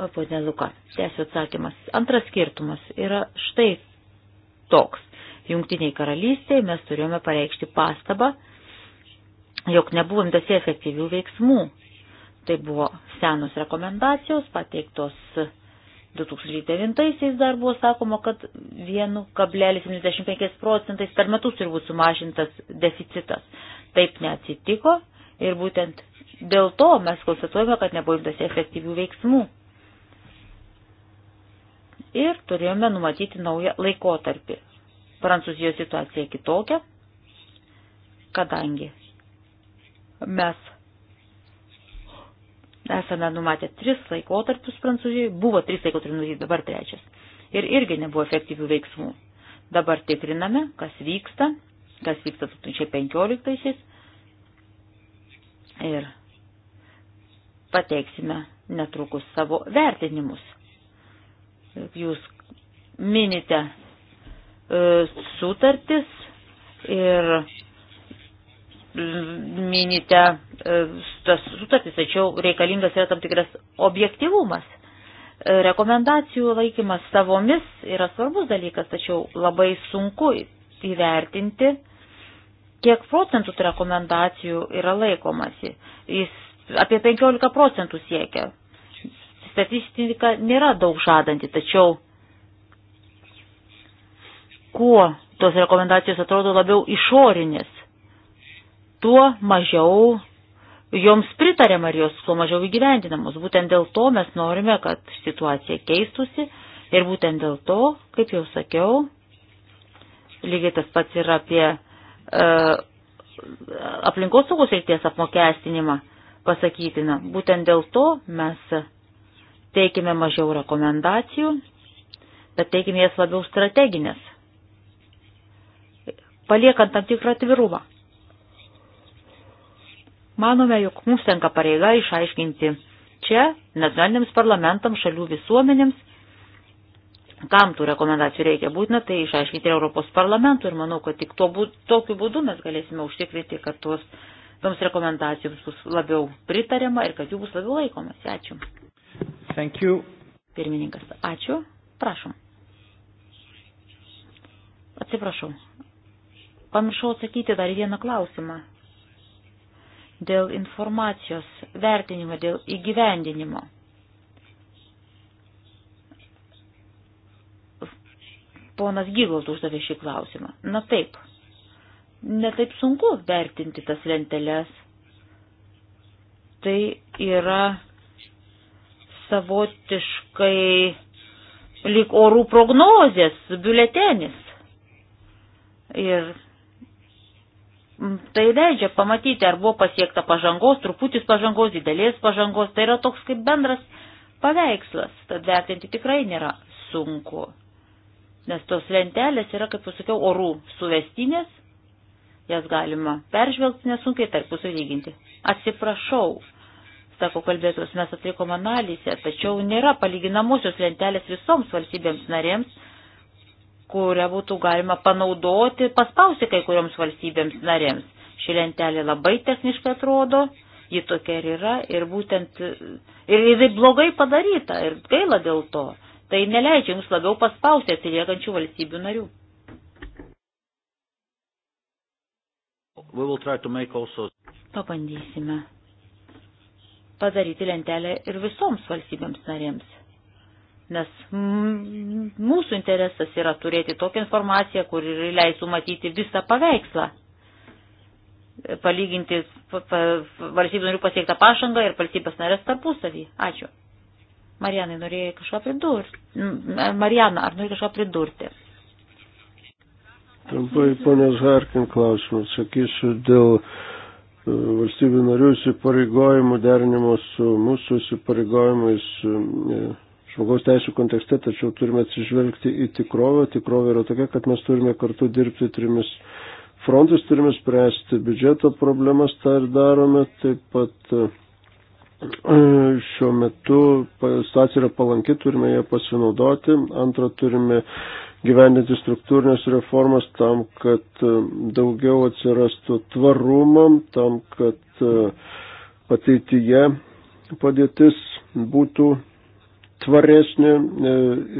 O, ponė Luka, tęsiu atsakymas. Antras skirtumas yra štai toks. Jungtiniai karalystėje mes turėjome pareikšti pastabą, jog nebuvom tasi efektyvių veiksmų. Tai buvo senos rekomendacijos pateiktos 2009-aisiais dar buvo sakoma, kad 1,75 procentais per metus turi būti sumažintas deficitas. Taip neatsitiko ir būtent dėl to mes konstatuojame, kad nebuvo imtasi efektyvių veiksmų. Ir turėjome numatyti naują laikotarpį. Prancūzijos situacija kitokia, kadangi mes Esame numatę tris laikotarpius Prancūzijoje, buvo tris laikotarpius, nu, dabar trečias. Ir irgi nebuvo efektyvių veiksmų. Dabar tikriname, kas vyksta, kas vyksta 2015-aisiais. Ir pateiksime netrukus savo vertinimus. Jūs minite e, sutartis ir minite e, tas sutartis, tačiau reikalingas yra tam tikras objektivumas. E, rekomendacijų laikymas savomis yra svarbus dalykas, tačiau labai sunku įvertinti, kiek procentų tų rekomendacijų yra laikomasi. Jis apie 15 procentų siekia. Statistika nėra daug žadanti, tačiau kuo tos rekomendacijos atrodo labiau išorinės, tuo mažiau joms pritarėm ar jos tuo mažiau įgyvendinamos. Būtent dėl to mes norime, kad situacija keistusi ir būtent dėl to, kaip jau sakiau, lygiai tas pats yra apie e, aplinkos saugos ryties apmokestinimą pasakytina. Būtent dėl to mes teikime mažiau rekomendacijų, bet teikime jas labiau strateginės, paliekant tam tikrą atvirumą. Manome, jog mums tenka pareiga išaiškinti čia nacionaliniams parlamentams, šalių visuomenėms, kam tų rekomendacijų reikia būtina, tai išaiškinti ir Europos parlamentui ir manau, kad tik to, tokiu būdu mes galėsime užtikrinti, kad tos, toms rekomendacijoms bus labiau pritariama ir kad jų bus labiau laikomasi. Ačiū. Thank you. Pirmininkas, ačiū. Prašom. Atsiprašau. Pamiršau atsakyti dar vieną klausimą dėl informacijos vertinimo, dėl įgyvendinimo. Ponas Gygolt uždavė šį klausimą. Na taip, netaip sunku vertinti tas lenteles. Tai yra savotiškai lik orų prognozės, biuletenis. Ir Mm, tai leidžia pamatyti, ar buvo pasiekta pažangos, truputis pažangos, didelės pažangos, tai yra toks kaip bendras paveikslas, tad vertinti tikrai nėra sunku. Nes tos lentelės yra, kaip pasakiau, orų suvestinės, jas galima peržvelgti nesunkiai tarpusavį lyginti. Atsiprašau, sako kalbėtos, mes atlikom analizę, tačiau nėra palyginamosios lentelės visoms valstybėms narėms kurią būtų galima panaudoti, paspausti kai kurioms valstybėms narėms. Ši lentelė labai techniškai atrodo, ji tokia ir yra, ir būtent, ir jinai blogai padaryta, ir gaila dėl to. Tai neleidžia jums labiau paspausti atsiliekančių valstybių narių. Also... Pabandysime padaryti lentelę ir visoms valstybėms narėms. Nes mūsų interesas yra turėti tokią informaciją, kuri leisų matyti visą paveikslą. Palyginti valstybių narių pasiektą pažangą ir valstybės narės tarpusavį. Ačiū. Marijanai, norėjai kažką pridurti? Marijana, ar norėjai kažką pridurti? Trumpai, ponės Harkin, klausimą atsakysiu dėl e, valstybių narių įsipareigojimų derinimo su mūsų įsipareigojimais e, žmogaus teisų kontekste, tačiau turime atsižvelgti į tikrovę. Tikrovė yra tokia, kad mes turime kartu dirbti trimis frontais, turime spręsti biudžeto problemas, tą ir darome. Taip pat e, šiuo metu situacija yra palanki, turime ją pasinaudoti. Antra, turime gyvendinti struktūrinės reformas tam, kad e, daugiau atsirastų tvarumam, tam, kad e, ateityje padėtis būtų tvaresnė e,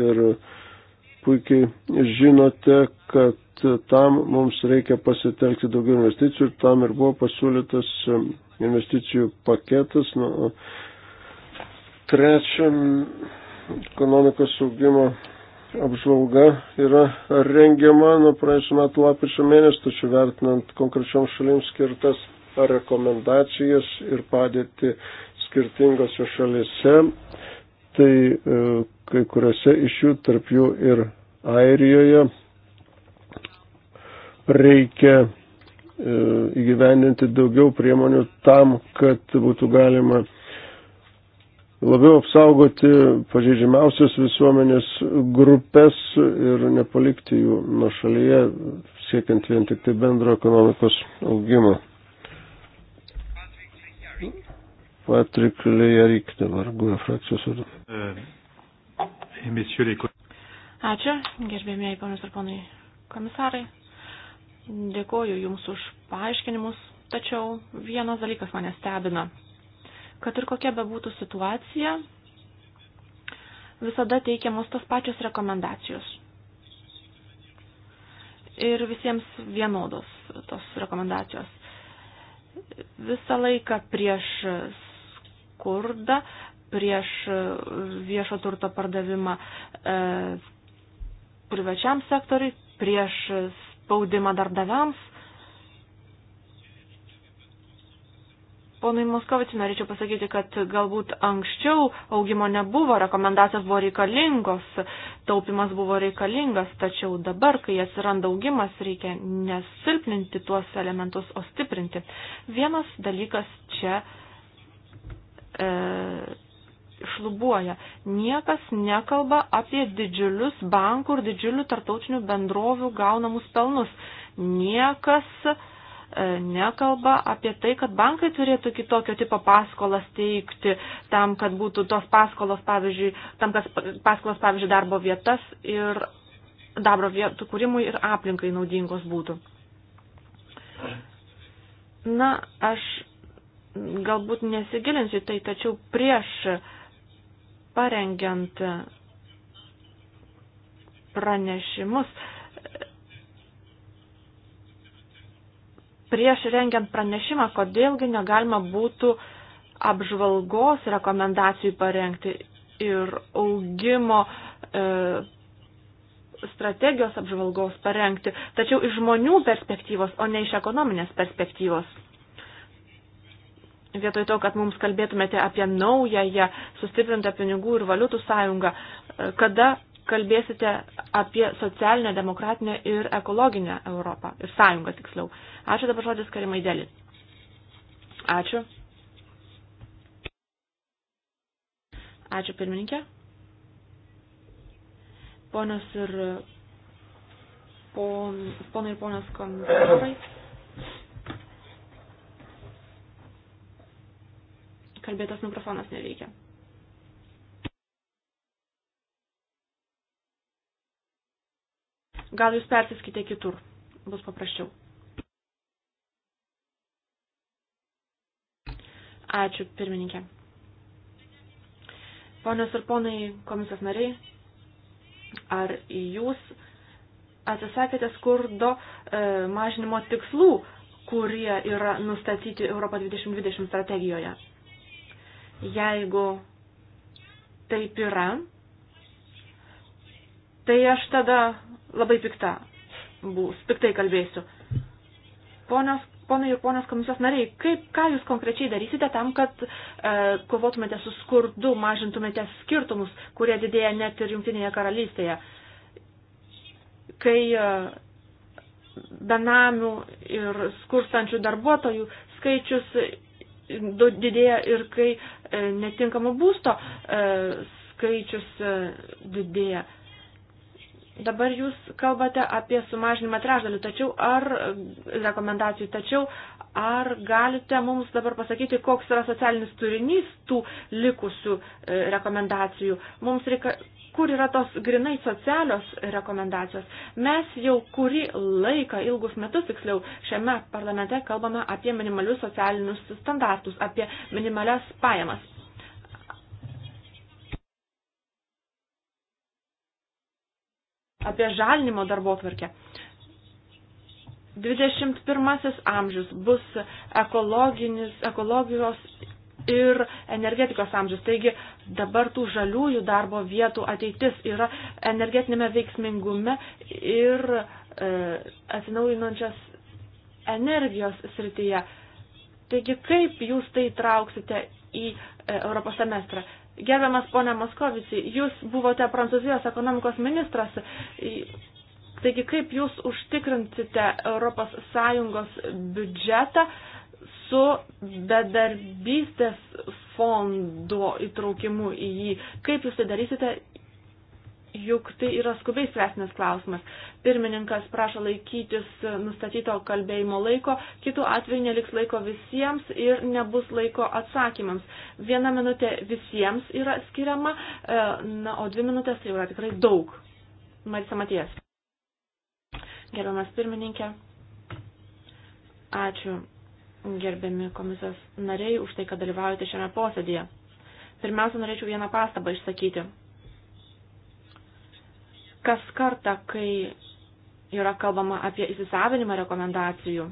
ir puikiai žinote, kad tam mums reikia pasitelkti daugiau investicijų ir tam ir buvo pasiūlytas e, investicijų paketas. Nu, trečia, ekonomikos augimo apžvalga yra rengiama nuo praėjusiu metu lapkričio mėnesį, tačiau vertinant konkrečioms šalims skirtas rekomendacijas ir padėti skirtingose šalise tai e, kai kuriuose iš jų, tarp jų ir Airijoje, reikia e, įgyvendinti daugiau priemonių tam, kad būtų galima labiau apsaugoti pažeidžiamiausias visuomenės grupės ir nepalikti jų nuo šalyje, siekiant vien tik tai bendro ekonomikos augimo. Patrik Lejarik dabar, guoja frakcijos vardu. Uh, Ačiū, gerbėmėjai ponios ir ponai komisarai. Dėkoju Jums už paaiškinimus, tačiau vienas dalykas mane stebina. Kad ir kokia bebūtų situacija, visada teikiamos tos pačios rekomendacijos. Ir visiems vienodos tos rekomendacijos visą laiką prieš skurdą, prieš viešo turto pardavimą e, privačiam sektoriui, prieš spaudimą darbdaviams. Ponai Moskovici, norėčiau pasakyti, kad galbūt anksčiau augimo nebuvo, rekomendacijos buvo reikalingos, taupimas buvo reikalingas, tačiau dabar, kai atsiranda augimas, reikia nesilpninti tuos elementus, o stiprinti. Vienas dalykas čia e, šlubuoja. Niekas nekalba apie didžiulius bankų ir didžiulių tartautinių bendrovių gaunamus pelnus. Niekas e, nekalba apie tai, kad bankai turėtų kitokio tipo paskolas teikti tam, kad būtų tos paskolos, pavyzdžiui, tam, kad paskolos, pavyzdžiui, darbo vietas ir darbo vietų kūrimui ir aplinkai naudingos būtų. Na, aš galbūt nesigilinsiu tai, tačiau prieš parengiant pranešimus, prieš rengiant pranešimą, kodėlgi negalima būtų apžvalgos rekomendacijų parengti ir augimo e, strategijos apžvalgos parengti, tačiau iš žmonių perspektyvos, o ne iš ekonominės perspektyvos vietoj to, kad mums kalbėtumėte apie naująją sustiprintą pinigų ir valiutų sąjungą, e, kada kalbėsite apie socialinę, demokratinę ir ekologinę Europą ir sąjungą tiksliau. Ačiū dabar žodis Karimai Dėlį. Ačiū. Ačiū pirmininkė. Ponas ir pon, ponai ir ponas komisarai. Kalbėtas mikrofonas neveikia. Gal jūs persiskite kitur, bus paprasčiau. Ačiū, pirmininkė. Ponios ir ponai komisijos nariai, ar jūs atsisakėte skurdo e, mažinimo tikslų, kurie yra nustatyti Europo 2020 strategijoje? Jeigu taip yra, tai aš tada labai pikta bus, piktai kalbėsiu. Ponios, ponai ir ponios komisijos nariai, kaip, ką jūs konkrečiai darysite tam, kad e, kovotumėte su skurdu, mažintumėte skirtumus, kurie didėja net ir Junktinėje karalystėje, kai e, benamių ir skurstančių darbuotojų skaičius didėja ir kai e, netinkamo būsto e, skaičius e, didėja. Dabar jūs kalbate apie sumažinimą trešdalių, tačiau ar rekomendacijų, tačiau ar galite mums dabar pasakyti, koks yra socialinis turinys tų likusių rekomendacijų? Mums reikia kur yra tos grinai socialios rekomendacijos. Mes jau kurį laiką, ilgus metus tiksliau, šiame parlamente kalbame apie minimalius socialinius standartus, apie minimalias pajamas. apie žalinimo darbo tvarkę. 21 amžius bus ekologijos ir energetikos amžius. Taigi dabar tų žaliųjų darbo vietų ateitis yra energetinėme veiksmingume ir e, atsinaujinančios energijos srityje. Taigi kaip jūs tai trauksite į e, Europos semestrą? Gerbiamas ponė Moskovici, jūs buvote Prancūzijos ekonomikos ministras. Taigi kaip jūs užtikrinsite ES biudžetą? E, su bedarbystės fondo įtraukimu į jį. Kaip jūs tai darysite? Juk tai yra skubiai svesnės klausimas. Pirmininkas prašo laikytis nustatyto kalbėjimo laiko, kitų atveju neliks laiko visiems ir nebus laiko atsakymams. Viena minutė visiems yra skiriama, e, na, o dvi minutės tai yra tikrai daug. Marisa Matijas. Gerbiamas pirmininkė, ačiū gerbiami komisijos nariai, už tai, kad dalyvaujate šiame posėdėje. Pirmiausia, norėčiau vieną pastabą išsakyti. Kas kartą, kai yra kalbama apie įsisavinimą rekomendacijų,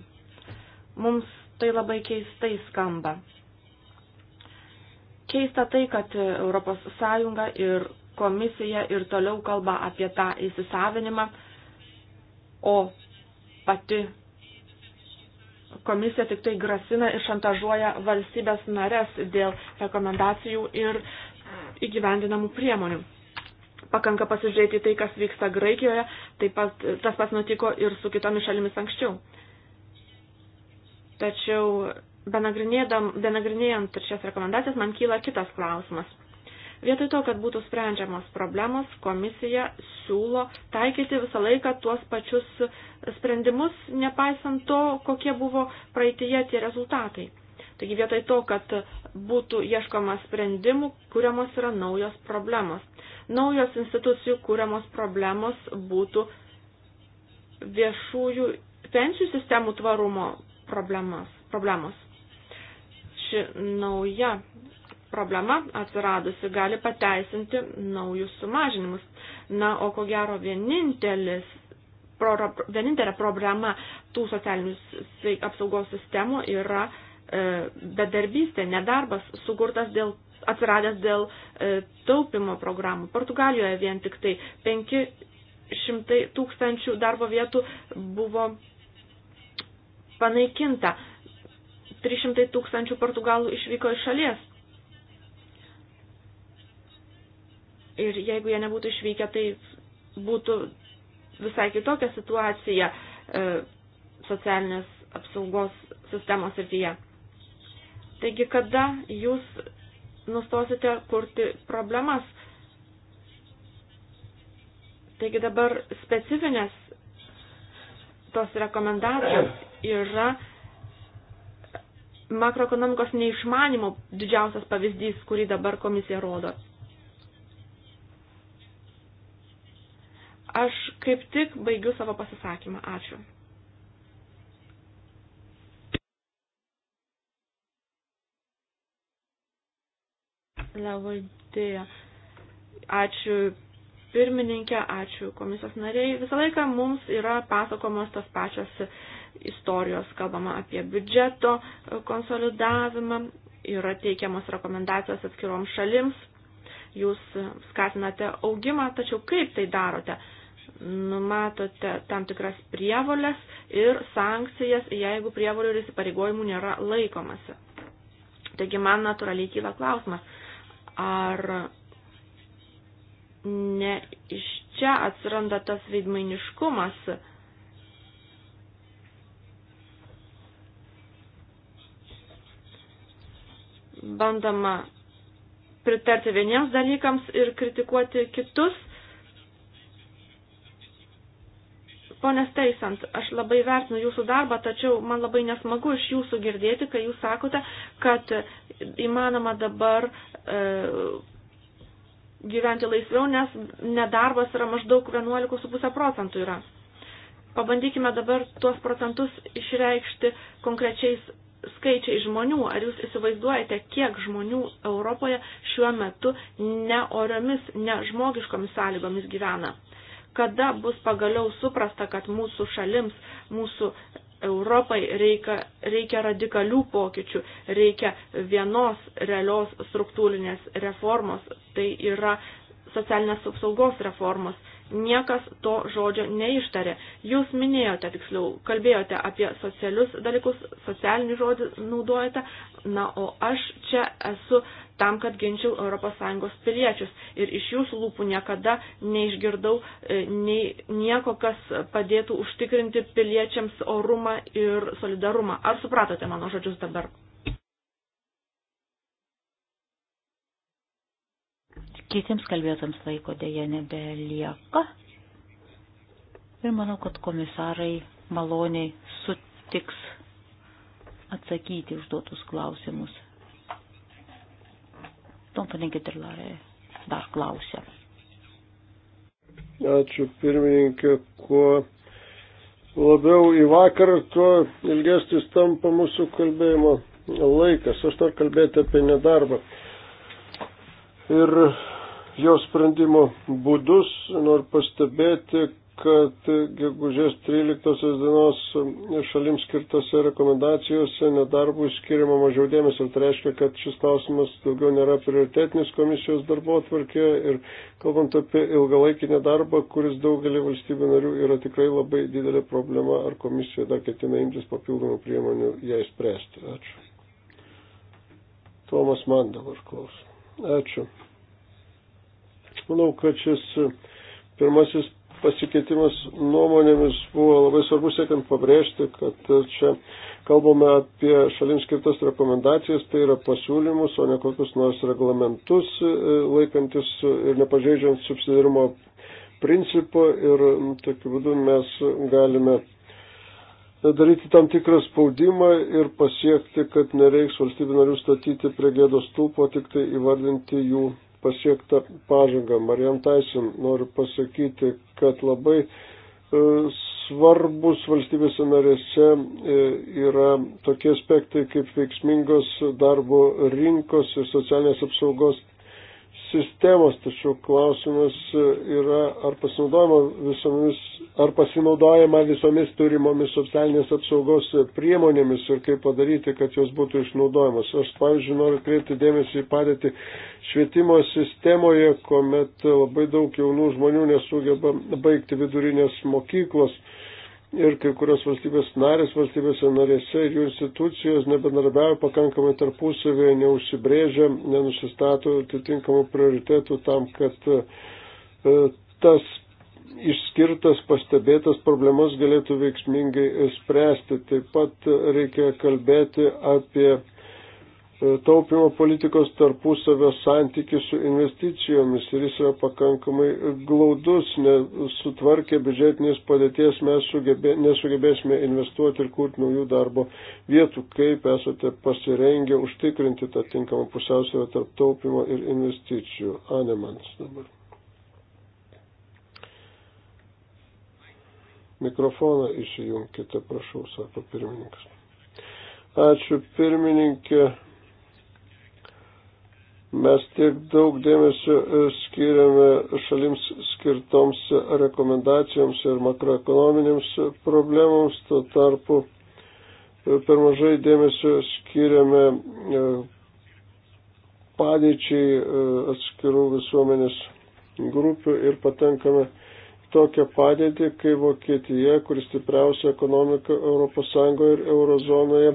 mums tai labai keistai skamba. Keista tai, kad ES ir komisija ir toliau kalba apie tą įsisavinimą, o pati komisija tik tai grasina ir šantažuoja valstybės narės dėl rekomendacijų ir e, įgyvendinamų priemonių. Pakanka pasižiūrėti tai, kas vyksta Graikijoje, taip pat e, tas pats nutiko ir su kitomis šalimis anksčiau. Tačiau benagrinėjant šias rekomendacijas man kyla kitas klausimas. Vietoj to, kad būtų sprendžiamos problemos, komisija siūlo taikyti visą laiką tuos pačius sprendimus, nepaisant to, kokie buvo praeitėje tie rezultatai. Taigi vietoj to, kad būtų ieškoma sprendimų, kuriamos yra naujos problemos. Naujos institucijų kuriamos problemos būtų viešųjų pensijų sistemų tvarumo problemas, problemos. Ši nauja problema atsiradusi gali pateisinti naujus sumažinimus. Na, o ko gero vienintelis, pro, vienintelė problema tų socialinių apsaugos sistemų yra e, bedarbystė, nedarbas sukurtas dėl atsiradęs dėl e, taupimo programų. Portugalijoje vien tik tai 500 tūkstančių darbo vietų buvo panaikinta. 300 tūkstančių portugalų išvyko iš šalies. Ir jeigu jie nebūtų išvykę, tai būtų visai kitokia situacija e, socialinės apsaugos sistemos srityje. Taigi, kada jūs nustosite kurti problemas? Taigi dabar specifinės tos rekomendacijos yra makroekonomikos neišmanimo didžiausias pavyzdys, kurį dabar komisija rodo. Aš kaip tik baigiu savo pasisakymą. Ačiū. Lavaldėja. Ačiū pirmininkė, ačiū komisijos nariai. Visą laiką mums yra pasakomos tos pačios istorijos, kalbama apie biudžeto konsolidavimą, yra teikiamos rekomendacijos atskiroms šalims, jūs skatinate augimą, tačiau kaip tai darote? numatote tam tikras prievolės ir sankcijas, jeigu prievolių ir įsipareigojimų nėra laikomasi. Taigi man natūraliai kyla klausimas, ar ne iš čia atsiranda tas veidmainiškumas, bandama pritarti vieniems dalykams ir kritikuoti kitus, Ponės Teisant, aš labai vertinu jūsų darbą, tačiau man labai nesmagu iš jūsų girdėti, kai jūs sakote, kad įmanoma dabar e, gyventi laisviau, nes nedarbas yra maždaug 11,5 procentų yra. Pabandykime dabar tuos procentus išreikšti konkrečiais skaičiai žmonių. Ar jūs įsivaizduojate, kiek žmonių Europoje šiuo metu neoriomis, nežmogiškomis sąlygomis gyvena? kada bus pagaliau suprasta, kad mūsų šalims, mūsų Europai reikia, reikia radikalių pokyčių, reikia vienos realios struktūrinės reformos, tai yra socialinės apsaugos reformos Niekas to žodžio neištarė. Jūs minėjote, tiksliau, kalbėjote apie socialius dalykus, socialinį žodį naudojate, na, o aš čia esu tam, kad ginčiau ES piliečius. Ir iš jūsų lūpų niekada neišgirdau e, nei, nieko, kas padėtų užtikrinti piliečiams orumą ir solidarumą. Ar supratote mano žodžius dabar? Kitiems kalbėtams laiko dėja nebelieka. Ir manau, kad komisarai maloniai sutiks atsakyti užduotus klausimus. Tompaninkė Tirlarė dar klausia. Ačiū pirmininkė, kuo labiau į vakarą, tuo ilgesnis tampa mūsų kalbėjimo laikas. Aš dar kalbėti apie nedarbą. Ir jo sprendimo būdus. Noriu pastebėti, kad gegužės 13 dienos šalims skirtose rekomendacijose nedarbui skiriama mažiau dėmesio. Tai reiškia, kad šis klausimas daugiau nėra prioritetinis komisijos darbo atvarkė ir kalbant apie ilgalaikį nedarbą, kuris daugelį valstybių narių yra tikrai labai didelė problema, ar komisija dar ketina imtis papildomų priemonių ją spręsti. Ačiū. Tomas man dabar klauso. Ačiū manau, kad šis e, pirmasis pasikeitimas nuomonėmis buvo labai svarbus, siekiant pabrėžti, kad e, čia kalbame apie šalims skirtas rekomendacijas, tai yra pasiūlymus, o ne kokius nors reglamentus e, laikantis ir nepažeidžiant subsidirimo principo ir tokiu būdu mes galime daryti tam tikrą spaudimą ir pasiekti, kad nereiks valstybių narių statyti prie gėdos stulpo, tik tai įvardinti jų pasiektą pažangą. Marian Taisin noriu pasakyti, kad labai e, svarbus valstybėse narėse e, yra tokie aspektai kaip veiksmingos darbo rinkos ir socialinės apsaugos sistemos, tačiau klausimas yra, ar pasinaudojama visomis, ar pasinaudojama visomis turimomis socialinės apsaugos priemonėmis ir kaip padaryti, kad jos būtų išnaudojamas. Aš, pavyzdžiui, noriu kreipti dėmesį į padėtį švietimo sistemoje, kuomet labai daug jaunų žmonių nesugeba baigti vidurinės mokyklos ir kai kurios valstybės narės, valstybėse narėse ir jų institucijos nebendarbiavo pakankamai tarpusavėje, neužsibrėžia, nenusistato atitinkamų prioritetų tam, kad e, tas išskirtas, pastebėtas problemas galėtų veiksmingai spręsti. Taip pat reikia kalbėti apie taupimo politikos tarpusavio santykių su investicijomis ir jis yra pakankamai glaudus, nesutvarkė biudžetinės padėties, mes sugebė, nesugebėsime investuoti ir kurti naujų darbo vietų, kaip esate pasirengę užtikrinti tą tinkamą pusiausvę tarp taupimo ir investicijų. Anemans dabar. Mikrofoną išjungkite, prašau, sako pirmininkas. Ačiū pirmininkė mes tiek daug dėmesio e, skiriame šalims skirtoms rekomendacijoms ir makroekonominėms problemams, tuo tarpu e, per mažai dėmesio skiriame e, padėčiai atskirų visuomenės grupių ir patenkame tokią padėtį, kai Vokietija, kuris stipriausia ekonomika ES ir eurozonoje,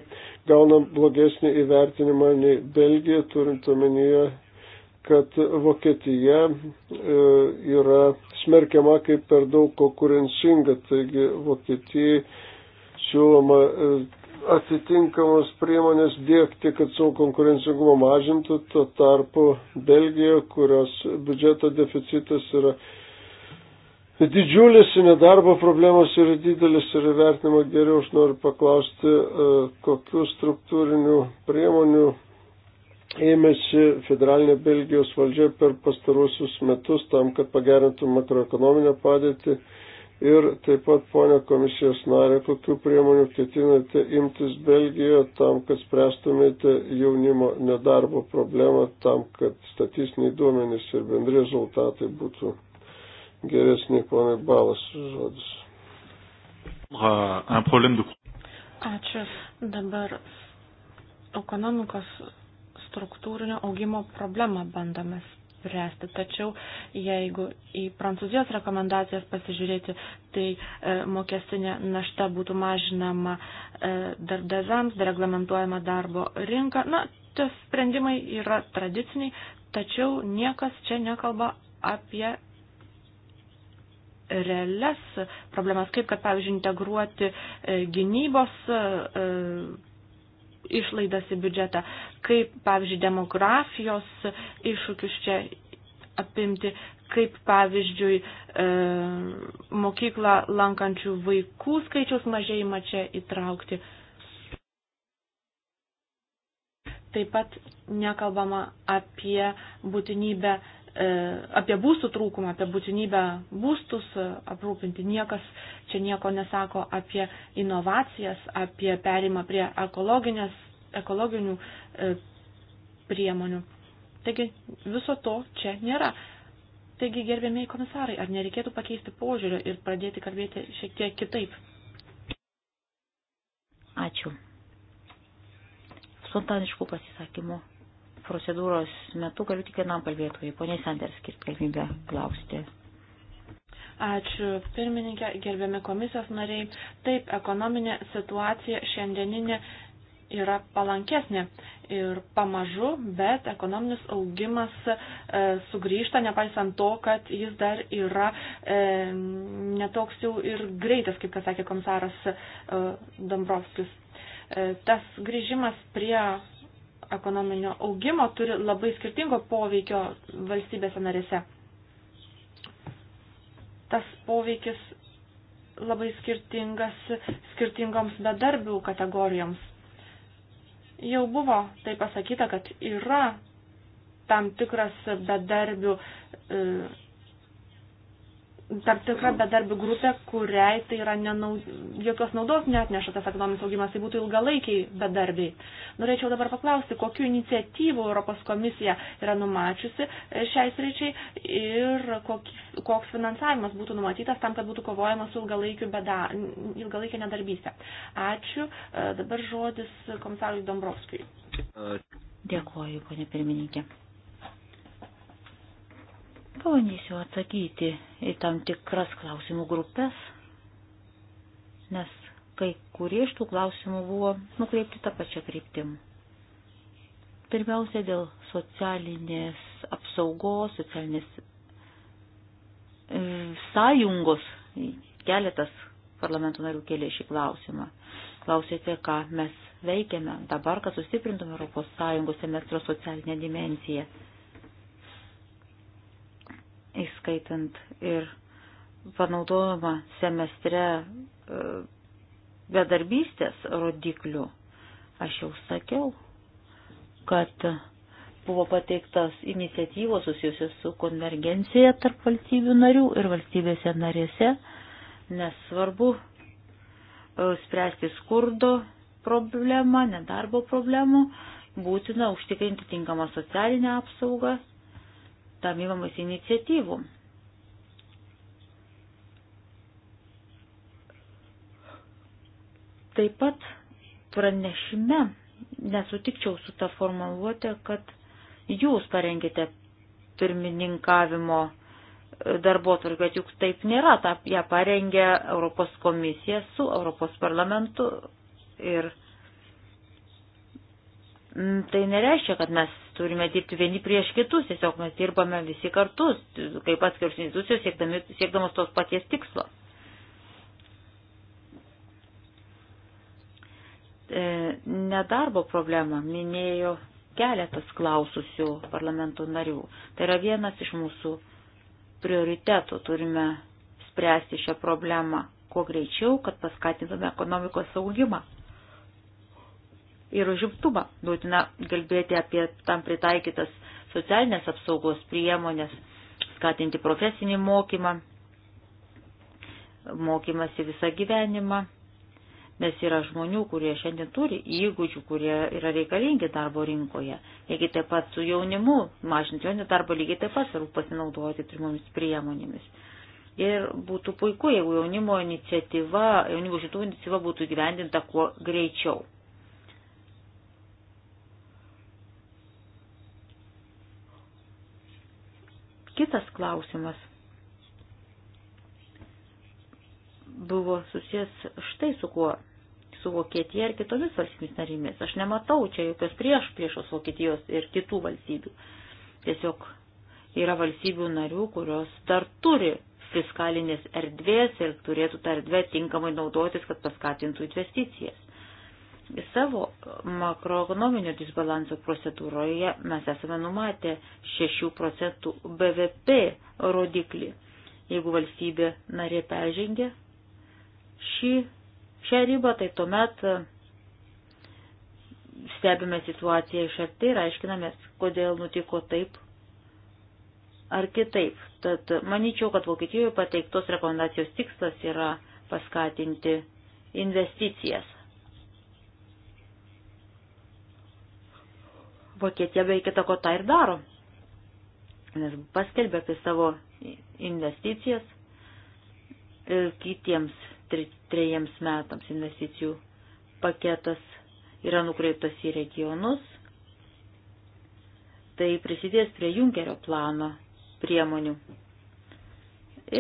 gauna blogesnį įvertinimą nei Belgija, turint omenyje, kad Vokietija e, yra smerkiama kaip per daug konkurencinga, taigi Vokietijai siūloma e, atitinkamos priemonės dėkti, kad savo konkurencingumą mažintų, tuo tarpu Belgija, kurios biudžeto deficitas yra Tai didžiulis, nedarbo problemos yra didelis ir vertinimo geriau. Aš noriu paklausti, e, kokiu struktūriniu priemonių ėmėsi federalinė Belgijos valdžia per pastarusius metus tam, kad pagerintų makroekonominę padėtį. Ir taip pat, ponia komisijos narė, kokiu priemonių ketinate imtis Belgijoje tam, kad spręstumėte jaunimo nedarbo problemą, tam, kad statistiniai duomenys ir bendri rezultatai būtų geresnį ponai balas žodis. Ačiū. Dabar ekonomikos struktūrinio augimo problemą bandome spręsti. Tačiau jeigu į Prancūzijos rekomendacijas pasižiūrėti, tai e, mokestinė našta būtų mažinama e, darbdaviams, dereglamentuojama darbo rinka. Na, tie sprendimai yra tradiciniai, tačiau niekas čia nekalba apie realias problemas, kaip kad, pavyzdžiui, integruoti e, gynybos e, e, išlaidas į biudžetą, kaip, pavyzdžiui, demografijos iššūkius čia apimti, kaip, pavyzdžiui, mokyklą lankančių vaikų skaičiaus mažėjimą čia įtraukti. Taip pat nekalbama apie būtinybę E, apie būstų trūkumą, apie būtinybę būstus aprūpinti. Niekas čia nieko nesako apie inovacijas, apie perimą prie ekologinių e, priemonių. Taigi viso to čia nėra. Taigi, gerbėmiai komisarai, ar nereikėtų pakeisti požiūrio ir pradėti kalbėti šiek tiek kitaip? Ačiū. Spontaniškų pasisakymų procedūros metu galiu tik vienam kalbėtojui. Pone Sanders, skirt galimybę klausti. Ačiū pirmininkė, gerbiami komisijos nariai. Taip, ekonominė situacija šiandieninė yra palankesnė ir pamažu, bet ekonominis augimas e, sugrįžta, nepaisant to, kad jis dar yra e, netoks jau ir greitas, kaip pasakė komisaras e, Dombrovskis. E, tas grįžimas prie ekonominio augimo turi labai skirtingo poveikio valstybėse narėse. Tas poveikis labai skirtingas skirtingoms bedarbių kategorijoms. Jau buvo tai pasakyta, kad yra tam tikras bedarbių e, tam tikra bedarbių grupė, kuriai tai yra nenaud... jokios naudos neatneša tas ekonominis augimas, tai būtų ilgalaikiai bedarbiai. Norėčiau dabar paklausti, kokiu iniciatyvu Europos komisija yra numačiusi e, šiais reičiai ir koks, koks finansavimas būtų numatytas tam, kad būtų kovojama su beda... ilgalaikė nedarbystė. Ačiū. E, dabar žodis komisarui Dombrovskijui. Dėkuoju, ponė pirmininkė. Pabandysiu atsakyti į tam tikras klausimų grupės, nes kai kurie iš tų klausimų buvo nukreipti tą pačią kryptim. Pirmiausia, dėl socialinės apsaugos, socialinės e, sąjungos keletas parlamento narių kėlė šį klausimą. Klausėte, ką mes veikiame dabar, kad sustiprintume Europos Sąjungos semestro socialinę dimenciją įskaitant ir panaudojimą semestre e, bedarbystės rodiklių. Aš jau sakiau, kad buvo pateiktas iniciatyvos susijusios su konvergencija tarp valstybių narių ir valstybėse narėse, nes svarbu e, spręsti skurdo problemą, nedarbo problemų, būtina užtikrinti tinkamą socialinę apsaugą tam įmamas iniciatyvų. Taip pat pranešime nesutikčiau su tą formuluotę, kad jūs parengėte pirmininkavimo darbotvarkė, bet juk taip nėra, tą ją parengė Europos komisija su Europos parlamentu ir mm, tai nereiškia, kad mes turime dirbti vieni prieš kitus, tiesiog mes dirbame visi kartu, kaip atskirs institucijos, siekdami, siekdamos tos paties tikslo. E, nedarbo problemą minėjo keletas klaususių parlamento narių. Tai yra vienas iš mūsų prioritetų. Turime spręsti šią problemą kuo greičiau, kad paskatintume ekonomikos saugimą ir užimtumą. Būtina kalbėti apie tam pritaikytas socialinės apsaugos priemonės, skatinti profesinį mokymą, mokymasi visą gyvenimą, nes yra žmonių, kurie šiandien turi įgūdžių, kurie yra reikalingi darbo rinkoje. Lygiai taip pat su jaunimu, mažinti jo nedarbą, lygiai taip pat svarbu pasinaudoti turimomis priemonėmis. Ir būtų puiku, jeigu jaunimo iniciatyva, jaunimo šitų iniciatyva būtų gyvendinta kuo greičiau. Kitas klausimas buvo susijęs štai su kuo su Vokietija ir kitomis valstybėmis narimis. Aš nematau čia jokios prieš priešos Vokietijos ir kitų valstybių. Tiesiog yra valstybių narių, kurios dar turi fiskalinės erdvės ir turėtų tą erdvę tinkamai naudotis, kad paskatintų investicijas. Savo makroekonominio disbalanso procedūroje mes esame numatę 6 procentų BVP rodiklį. Jeigu valstybė narė peržengia šį, šią ribą, tai tuomet e, stebime situaciją iš arti ir aiškinamės, kodėl nutiko taip ar kitaip. Tad manyčiau, kad Vokietijoje pateiktos rekomendacijos tikslas yra paskatinti investicijas Vokietija beveik kitako tą ir daro, nes paskelbė apie savo investicijas kitiems trejiems metams investicijų paketas yra nukreiptas į regionus, tai prisidės prie Junkerio plano priemonių.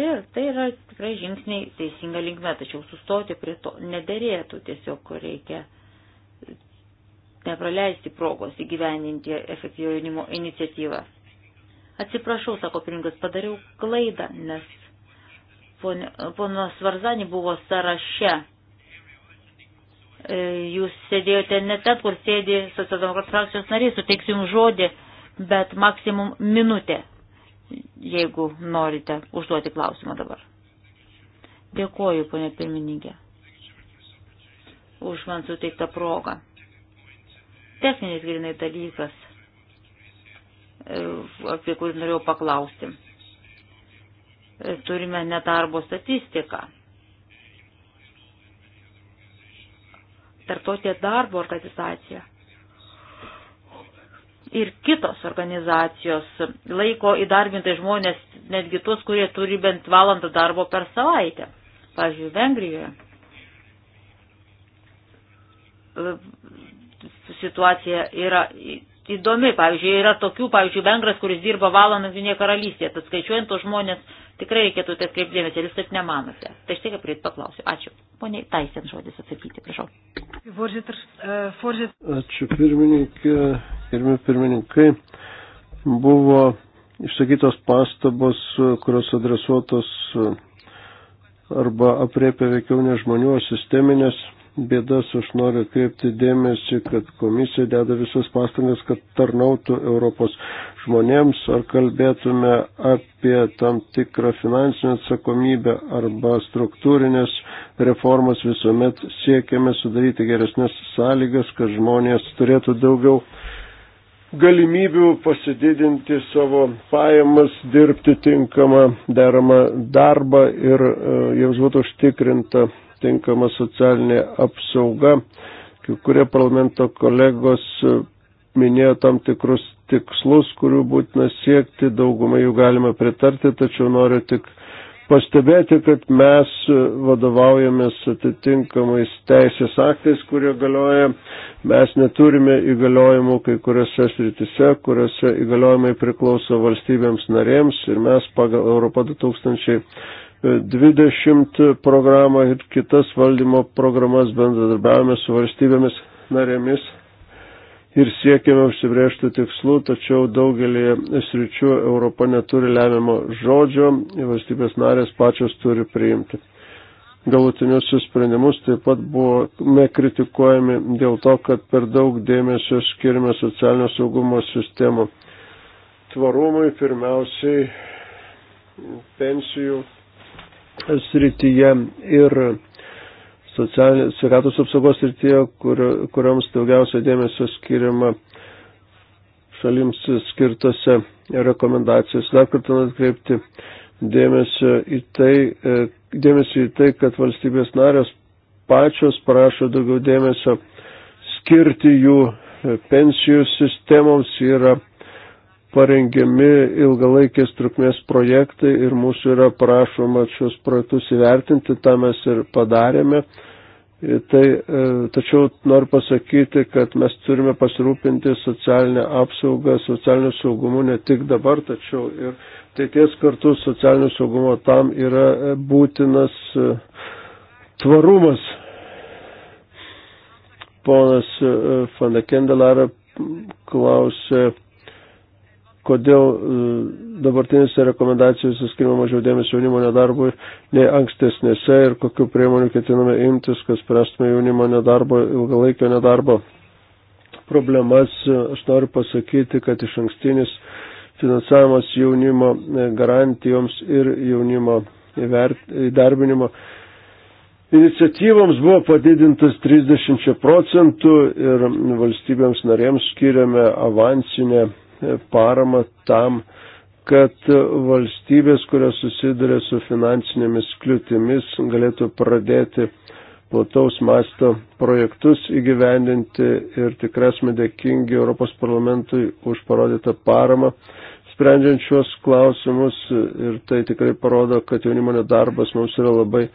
Ir tai yra tikrai žingsniai teisinga linkme, tačiau sustoti prie to nederėtų, tiesiog reikia nepraleisti progos įgyveninti efektyvio jaunimo iniciatyvą. Atsiprašau, sako pirinkas, padariau klaidą, nes ponas Varzani buvo sąraše. E, jūs sėdėjote ne ten, kur sėdi socialdemokratų frakcijos narys, suteiksiu jums žodį, bet maksimum minutė, jeigu norite užduoti klausimą dabar. Dėkuoju, ponė pirmininkė, už man suteiktą progą techninis grinai dalykas, e, apie kurį norėjau paklausti. E, turime nedarbo statistiką. Tartotė darbo organizacija ir kitos organizacijos laiko įdarbintai žmonės, netgi tuos, kurie turi bent valandą darbo per savaitę. Pavyzdžiui, Vengrijoje situacija yra įdomi. Pavyzdžiui, yra tokių, pavyzdžiui, bengras, kuris dirba valandą Junėje karalystėje, tad skaičiuojant to žmonės tikrai reikėtų tai atkreipdėmėsi, jūs taip nemanote. Tai štai kaip reikia paklausiu. Ačiū. Pone Taisen žodis atsakyti, prašau. Eh, Ačiū pirmininkė, pirmi pirmininkai. Buvo išsakytos pastabos, kurios adresuotos eh, arba apriepia veikiau ne žmonių, o sisteminės bėdas, aš noriu atkreipti dėmesį, kad komisija deda visas pastangas, kad tarnautų Europos žmonėms, ar kalbėtume apie tam tikrą finansinę atsakomybę arba struktūrinės reformas, visuomet siekiame sudaryti geresnės sąlygas, kad žmonės turėtų daugiau galimybių pasididinti savo pajamas, dirbti tinkamą, deramą darbą ir e, jiems būtų užtikrinta tinkama socialinė apsauga. Kai kurie parlamento kolegos minėjo tam tikrus tikslus, kurių būtina siekti, daugumai jų galima pritarti, tačiau noriu tik pastebėti, kad mes vadovaujamės atitinkamais teisės aktais, kurie galioja. Mes neturime įgaliojimų kai kuriuose sritise, kuriuose įgaliojimai priklauso valstybėms narėms ir mes pagal Europą 2000. 20 programą ir kitas valdymo programas bendradarbiavame su valstybėmis narėmis ir siekiame užsibrėžtų tikslų, tačiau daugelį sričių Europa neturi lemiamo žodžio, valstybės narės pačios turi priimti. Galutinius sprendimus taip pat buvome kritikuojami dėl to, kad per daug dėmesio skirime socialinio saugumo sistemų tvarumui, pirmiausiai pensijų srityje ir sveikatos apsaugos srityje, kur, kurioms daugiausia dėmesio skiriama šalims skirtose rekomendacijose. Dar kartą atkreipti dėmesio į tai, e, dėmesio į tai, kad valstybės narės pačios prašo daugiau dėmesio skirti jų pensijų sistemoms yra parengiami ilgalaikės trukmės projektai ir mūsų yra prašoma šios projektus įvertinti, tą mes ir padarėme. Tai, e, tačiau noriu pasakyti, kad mes turime pasirūpinti socialinę apsaugą, socialiniu saugumu ne tik dabar, tačiau ir tai ties kartu socialinio saugumo tam yra e, būtinas e, tvarumas. Ponas Fandakendelaras klausė kodėl e, dabartinėse rekomendacijose skirima mažiau dėmesio jaunimo nedarbui nei ankstesnėse ir kokiu priemonių ketiname imtis, kad spręstume jaunimo nedarbo, ilgalaikio nedarbo problemas. Aš noriu pasakyti, kad iš ankstinis finansavimas jaunimo e, garantijoms ir jaunimo įdarbinimo iniciatyvoms buvo padidintas 30 procentų ir valstybėms narėms skiriame avansinę paramą tam, kad valstybės, kurios susiduria su finansinėmis kliūtimis, galėtų pradėti plataus masto projektus įgyvendinti ir tikrai esame dėkingi Europos parlamentui už parodytą paramą, sprendžiant šios klausimus ir tai tikrai parodo, kad jaunimo nedarbas mums yra labai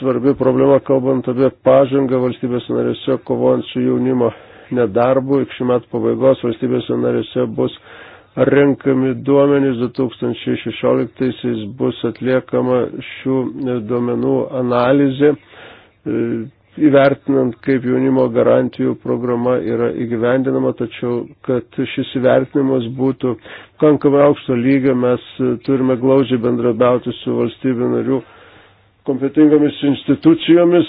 svarbi problema, kalbant apie pažangą valstybės narėse, kovojant su jaunimo nedarbu. Iki šių metų pabaigos valstybėse narėse bus renkami duomenys, 2016 bus atliekama šių duomenų analizė, e, įvertinant, kaip jaunimo garantijų programa yra įgyvendinama, tačiau, kad šis įvertinimas būtų kankamai aukšto lygio, mes turime glaudžiai bendradauti su valstybių narių kompetingomis institucijomis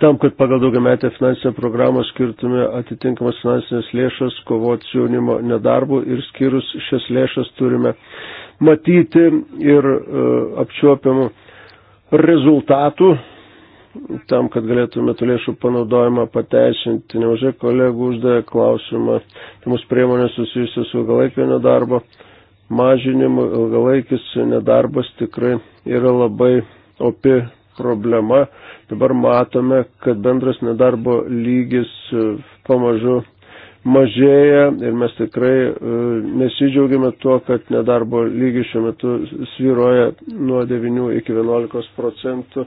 tam, kad pagal daugiametę finansinę programą skirtume atitinkamas finansinės lėšas kovoti su jaunimo nedarbu ir skirus šias lėšas turime matyti ir uh, apčiuopiamų rezultatų, tam, kad galėtume tų lėšų panaudojimą pateisinti. Nemažai kolegų uždavė klausimą, tai mūsų priemonės susijusios su ilgalaikio nedarbo mažinimu. Ilgalaikis nedarbas tikrai yra labai opi problema Dabar matome, kad bendras nedarbo lygis e, pamažu mažėja ir mes tikrai e, nesidžiaugiame tuo, kad nedarbo lygis šiuo metu sviruoja nuo 9 iki 11 procentų.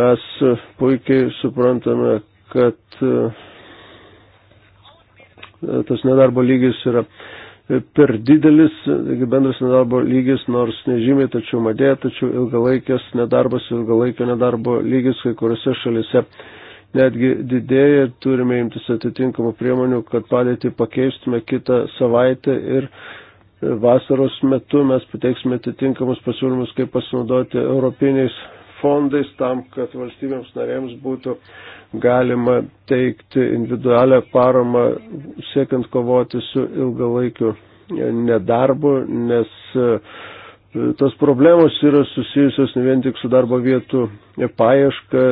Mes e, puikiai suprantame, kad tas nedarbo lygis yra per didelis, bendras nedarbo lygis, nors nežymiai, tačiau madėja, tačiau ilgalaikės nedarbas, ilgalaikio nedarbo lygis kai kuriuose šalise netgi didėja ir turime imtis atitinkamų priemonių, kad padėtį pakeistume kitą savaitę ir vasaros metu mes pateiksime atitinkamus pasiūlymus, kaip pasinaudoti europiniais fondais tam, kad valstybėms narėms būtų galima teikti individualią paramą siekiant kovoti su ilgalaikiu nedarbu, nes e, tos problemos yra susijusios ne vien tik su darbo vietų paieška,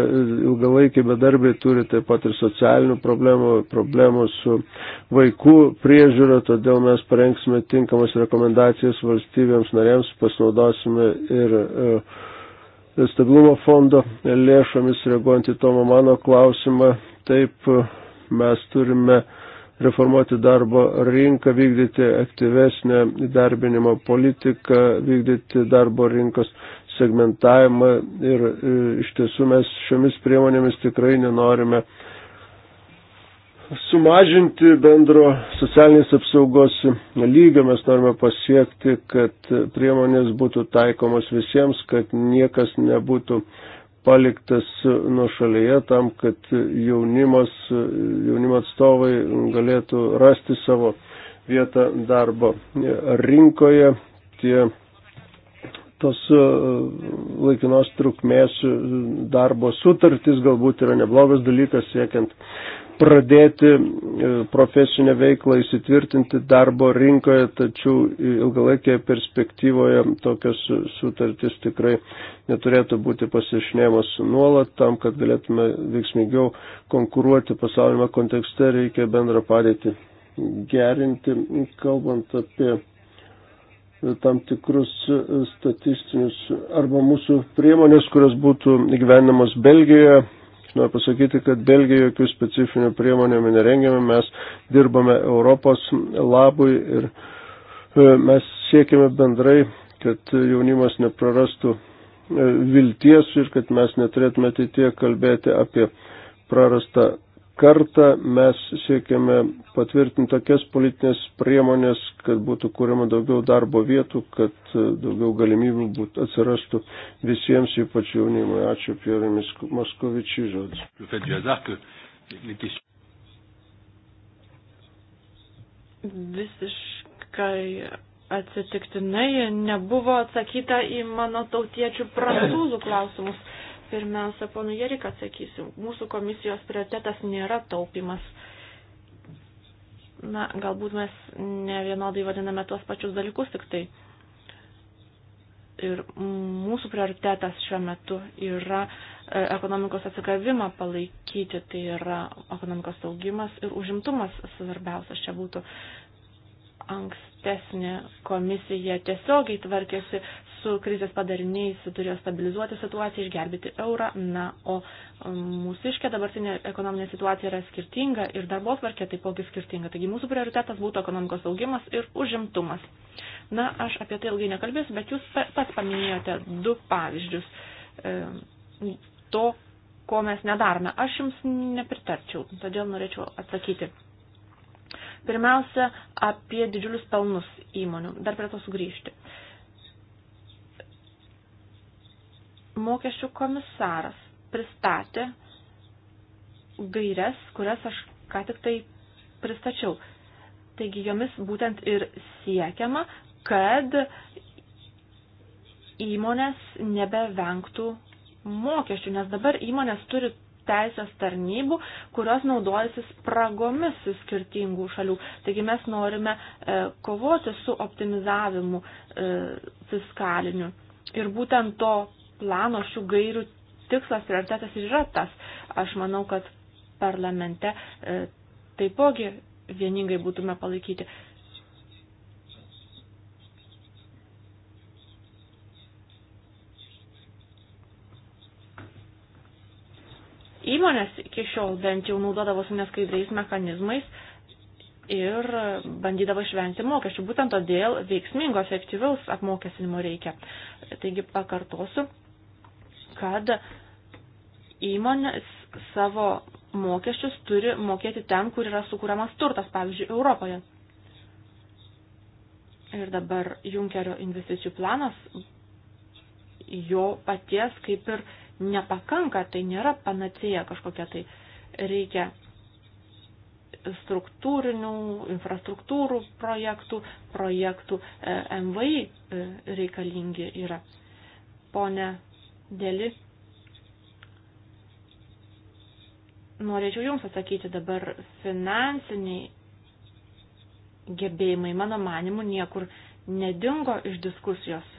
ilgalaikiai bedarbiai turi taip pat ir socialinių problemų, problemų su vaikų priežiūra, todėl mes parengsime tinkamas rekomendacijas valstybėms narėms, pasinaudosime ir uh, stabilumo fondo lėšomis, reaguojant į Tomo mano klausimą, taip e, mes turime reformuoti darbo rinką, vykdyti aktyvesnę įdarbinimo politiką, vykdyti darbo rinkos segmentavimą ir e, iš tiesų mes šiomis priemonėmis tikrai nenorime uh, sumažinti bendro socialinės apsaugos lygio. Mes norime pasiekti, kad priemonės būtų taikomos visiems, kad niekas nebūtų paliktas nuo šalyje tam, kad jaunimas, jaunimo atstovai galėtų rasti savo vietą darbo rinkoje. Tie tos e, laikinos trukmės darbo sutartys galbūt yra neblogas dalykas siekiant pradėti e, profesinę veiklą, įsitvirtinti darbo rinkoje, tačiau ilgalaikėje perspektyvoje tokios sutartys tikrai neturėtų būti pasišnėjimas nuolat. Tam, kad galėtume veiksmingiau konkuruoti pasaulyme kontekste, reikia bendrą padėtį gerinti, kalbant apie tam tikrus statistinius arba mūsų priemonės, kurios būtų gyvenamas Belgijoje Noriu pasakyti, kad Belgija jokių specifinių priemonių nerengėme, mes dirbame Europos labui ir e, mes siekime bendrai, kad jaunimas neprarastų e, vilties ir kad mes neturėtume ateitie kalbėti apie prarastą kartą mes siekiame patvirtinti tokias politinės priemonės, kad būtų kuriama daugiau darbo vietų, kad e, daugiau galimybių būtų atsirastų visiems, ypač jaunimui. Ačiū Pierai Moskovičiui žodžiu. Visiškai atsitiktinai nebuvo atsakyta į mano tautiečių prancūzų klausimus. Pirmiausia, ponu Jerik atsakysiu. Mūsų komisijos prioritetas nėra taupimas. Na, galbūt mes ne vienodai vadiname tuos pačius dalykus tik tai. Ir mūsų prioritetas šiuo metu yra e, ekonomikos atsigavimą palaikyti, tai yra ekonomikos augimas ir užimtumas svarbiausias čia būtų ankstesnė komisija tiesiogiai tvarkėsi su krizės padariniais turėjo stabilizuoti situaciją, išgelbėti eurą, na, o um, mūsiškė dabartinė ekonominė situacija yra skirtinga ir darbos varkė taipogi skirtinga. Taigi mūsų prioritetas būtų ekonomikos augimas ir užimtumas. Na, aš apie tai ilgai nekalbėsiu, bet jūs pats paminėjote du pavyzdžius e, to, ko mes nedarome. Aš jums nepritarčiau, todėl norėčiau atsakyti. Pirmiausia, apie didžiulius pelnus įmonių. Dar prie to sugrįžti. E, mokesčių komisaras pristatė gairias, kurias aš ką tik tai pristačiau. Taigi jomis būtent ir siekiama, kad įmonės nebevengtų mokesčių, nes dabar įmonės turi teisės tarnybų, kurios naudojasi spragomis skirtingų šalių. Taigi mes norime e, kovoti su optimizavimu e, fiskaliniu. Ir būtent to plano, šių gairių tikslas, prioritetas yra tas. Aš manau, kad parlamente e, taipogi vieningai būtume palaikyti. Įmonės iki šiol bent jau naudodavosi neskaidriais mechanizmais ir bandydavo išvengti mokesčių. Būtent todėl veiksmingo efektyvaus apmokestinimo reikia. Taigi pakartosiu, kad įmonės savo mokesčius turi mokėti ten, kur yra sukūriamas turtas, pavyzdžiui, Europoje. Ir dabar Junkerio investicijų planas, jo paties kaip ir nepakanka, tai nėra panacėja kažkokia tai. Reikia struktūrinių, infrastruktūrų projektų, projektų e, MVI e, reikalingi yra. Pone dėlį. Norėčiau Jums atsakyti dabar finansiniai gebėjimai, mano manimu, niekur nedingo iš diskusijos.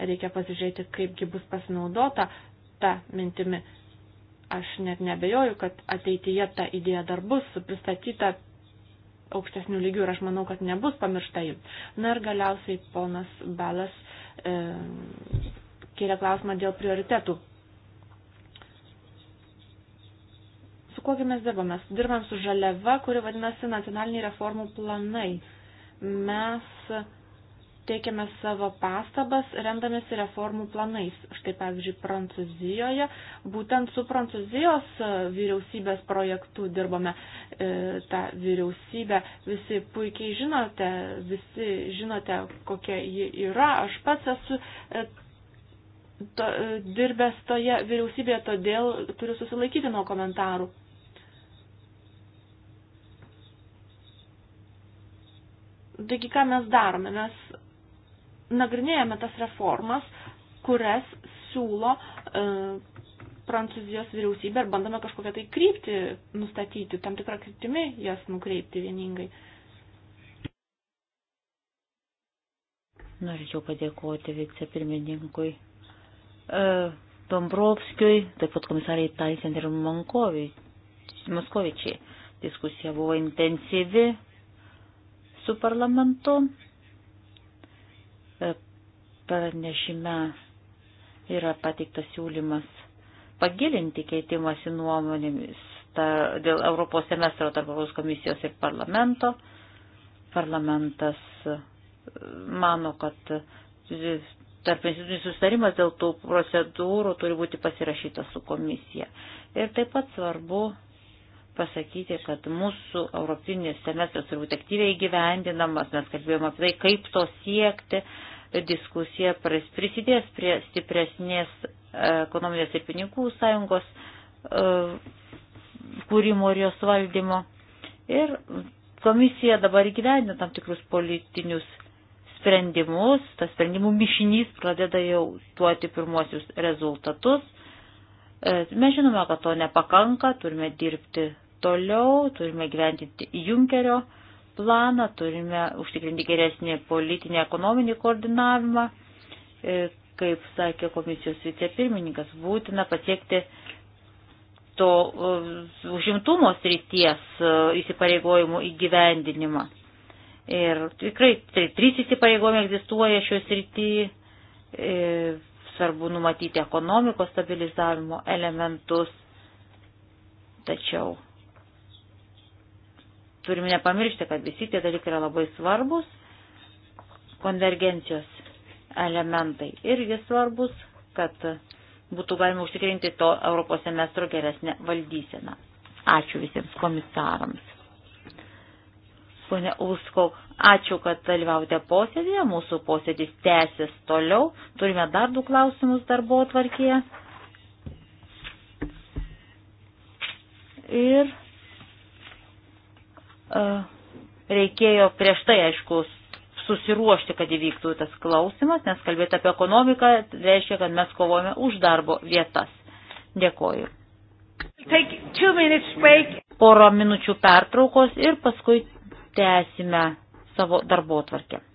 Reikia pasižiūrėti, kaipgi bus pasinaudota ta mintimi. Aš net nebejoju, kad ateityje ta idėja dar bus pristatyta aukštesnių lygių ir aš manau, kad nebus pamiršta jų. Na ir galiausiai ponas Belas e, kėlė klausimą dėl prioritetų. Su kokia mes dirbame? Dirbam su žaliava, kuri vadinasi nacionaliniai reformų planai. Mes teikiame savo pastabas, remdamėsi reformų planais. Štai pavyzdžiui, Prancūzijoje, būtent su Prancūzijos e, vyriausybės projektu dirbame. E, ta vyriausybė, visi puikiai žinote, visi žinote, kokia ji yra. Aš pats esu e, to, dirbęs toje vyriausybėje, todėl turiu susilaikyti nuo komentarų. Taigi, ką mes darome? Mes nagrinėjame tas reformas, kurias siūlo e, Prancūzijos vyriausybė ir bandome kažkokią tai kryptį nustatyti, tam tikrą kryptimį jas nukreipti vieningai. Norėčiau padėkoti vicepirmininkui E, Dombrovskijui, taip pat komisariai Taisen ir Moskovičiai. Diskusija buvo intensyvi su parlamentu. E, pranešime yra pateiktas siūlymas pagilinti keitimąsi nuomonėmis ta, dėl Europos semestro tarp Europos komisijos ir parlamento. Parlamentas e, mano, kad tarp institucinis sustarimas dėl tų procedūrų turi būti pasirašytas su komisija. Ir taip pat svarbu pasakyti, kad mūsų europinis semestras turi būti aktyviai gyvendinamas, mes kalbėjome apie tai, kaip to siekti, diskusija prisidės prie stipresnės e, ekonominės ir pinigų sąjungos e, kūrimo ir jos valdymo. Ir komisija dabar įgyvendina tam tikrus politinius sprendimus, tas sprendimų mišinys pradeda jau duoti pirmosius rezultatus. E, mes žinome, kad to nepakanka, turime dirbti toliau, turime gyventinti Junkerio planą, turime užtikrinti geresnį politinį ekonominį koordinavimą. E, kaip sakė komisijos vicepirmininkas, būtina pasiekti to e, užimtumo srities įsipareigojimų įgyvendinimą. Ir tikrai tai, trys įsipareigojimai egzistuoja šios rytyje. Svarbu numatyti ekonomikos stabilizavimo elementus. Tačiau turime nepamiršti, kad visi tie dalykai yra labai svarbus konvergencijos elementai. Irgi svarbus, kad būtų galima užtikrinti to Europos semestro geresnę valdyseną. Ačiū visiems komisarams. Pone Uskok, ačiū, kad dalyvaujate posėdėje. Mūsų posėdis tęsis toliau. Turime dar du klausimus darbo atvarkėje. Ir uh, reikėjo prieš tai, aišku, susiruošti, kad įvyktų tas klausimas, nes kalbėti apie ekonomiką reiškia, kad mes kovojame už darbo vietas. Dėkoju. Porą minučių pertraukos ir paskui tęsime savo darbo tvarkę.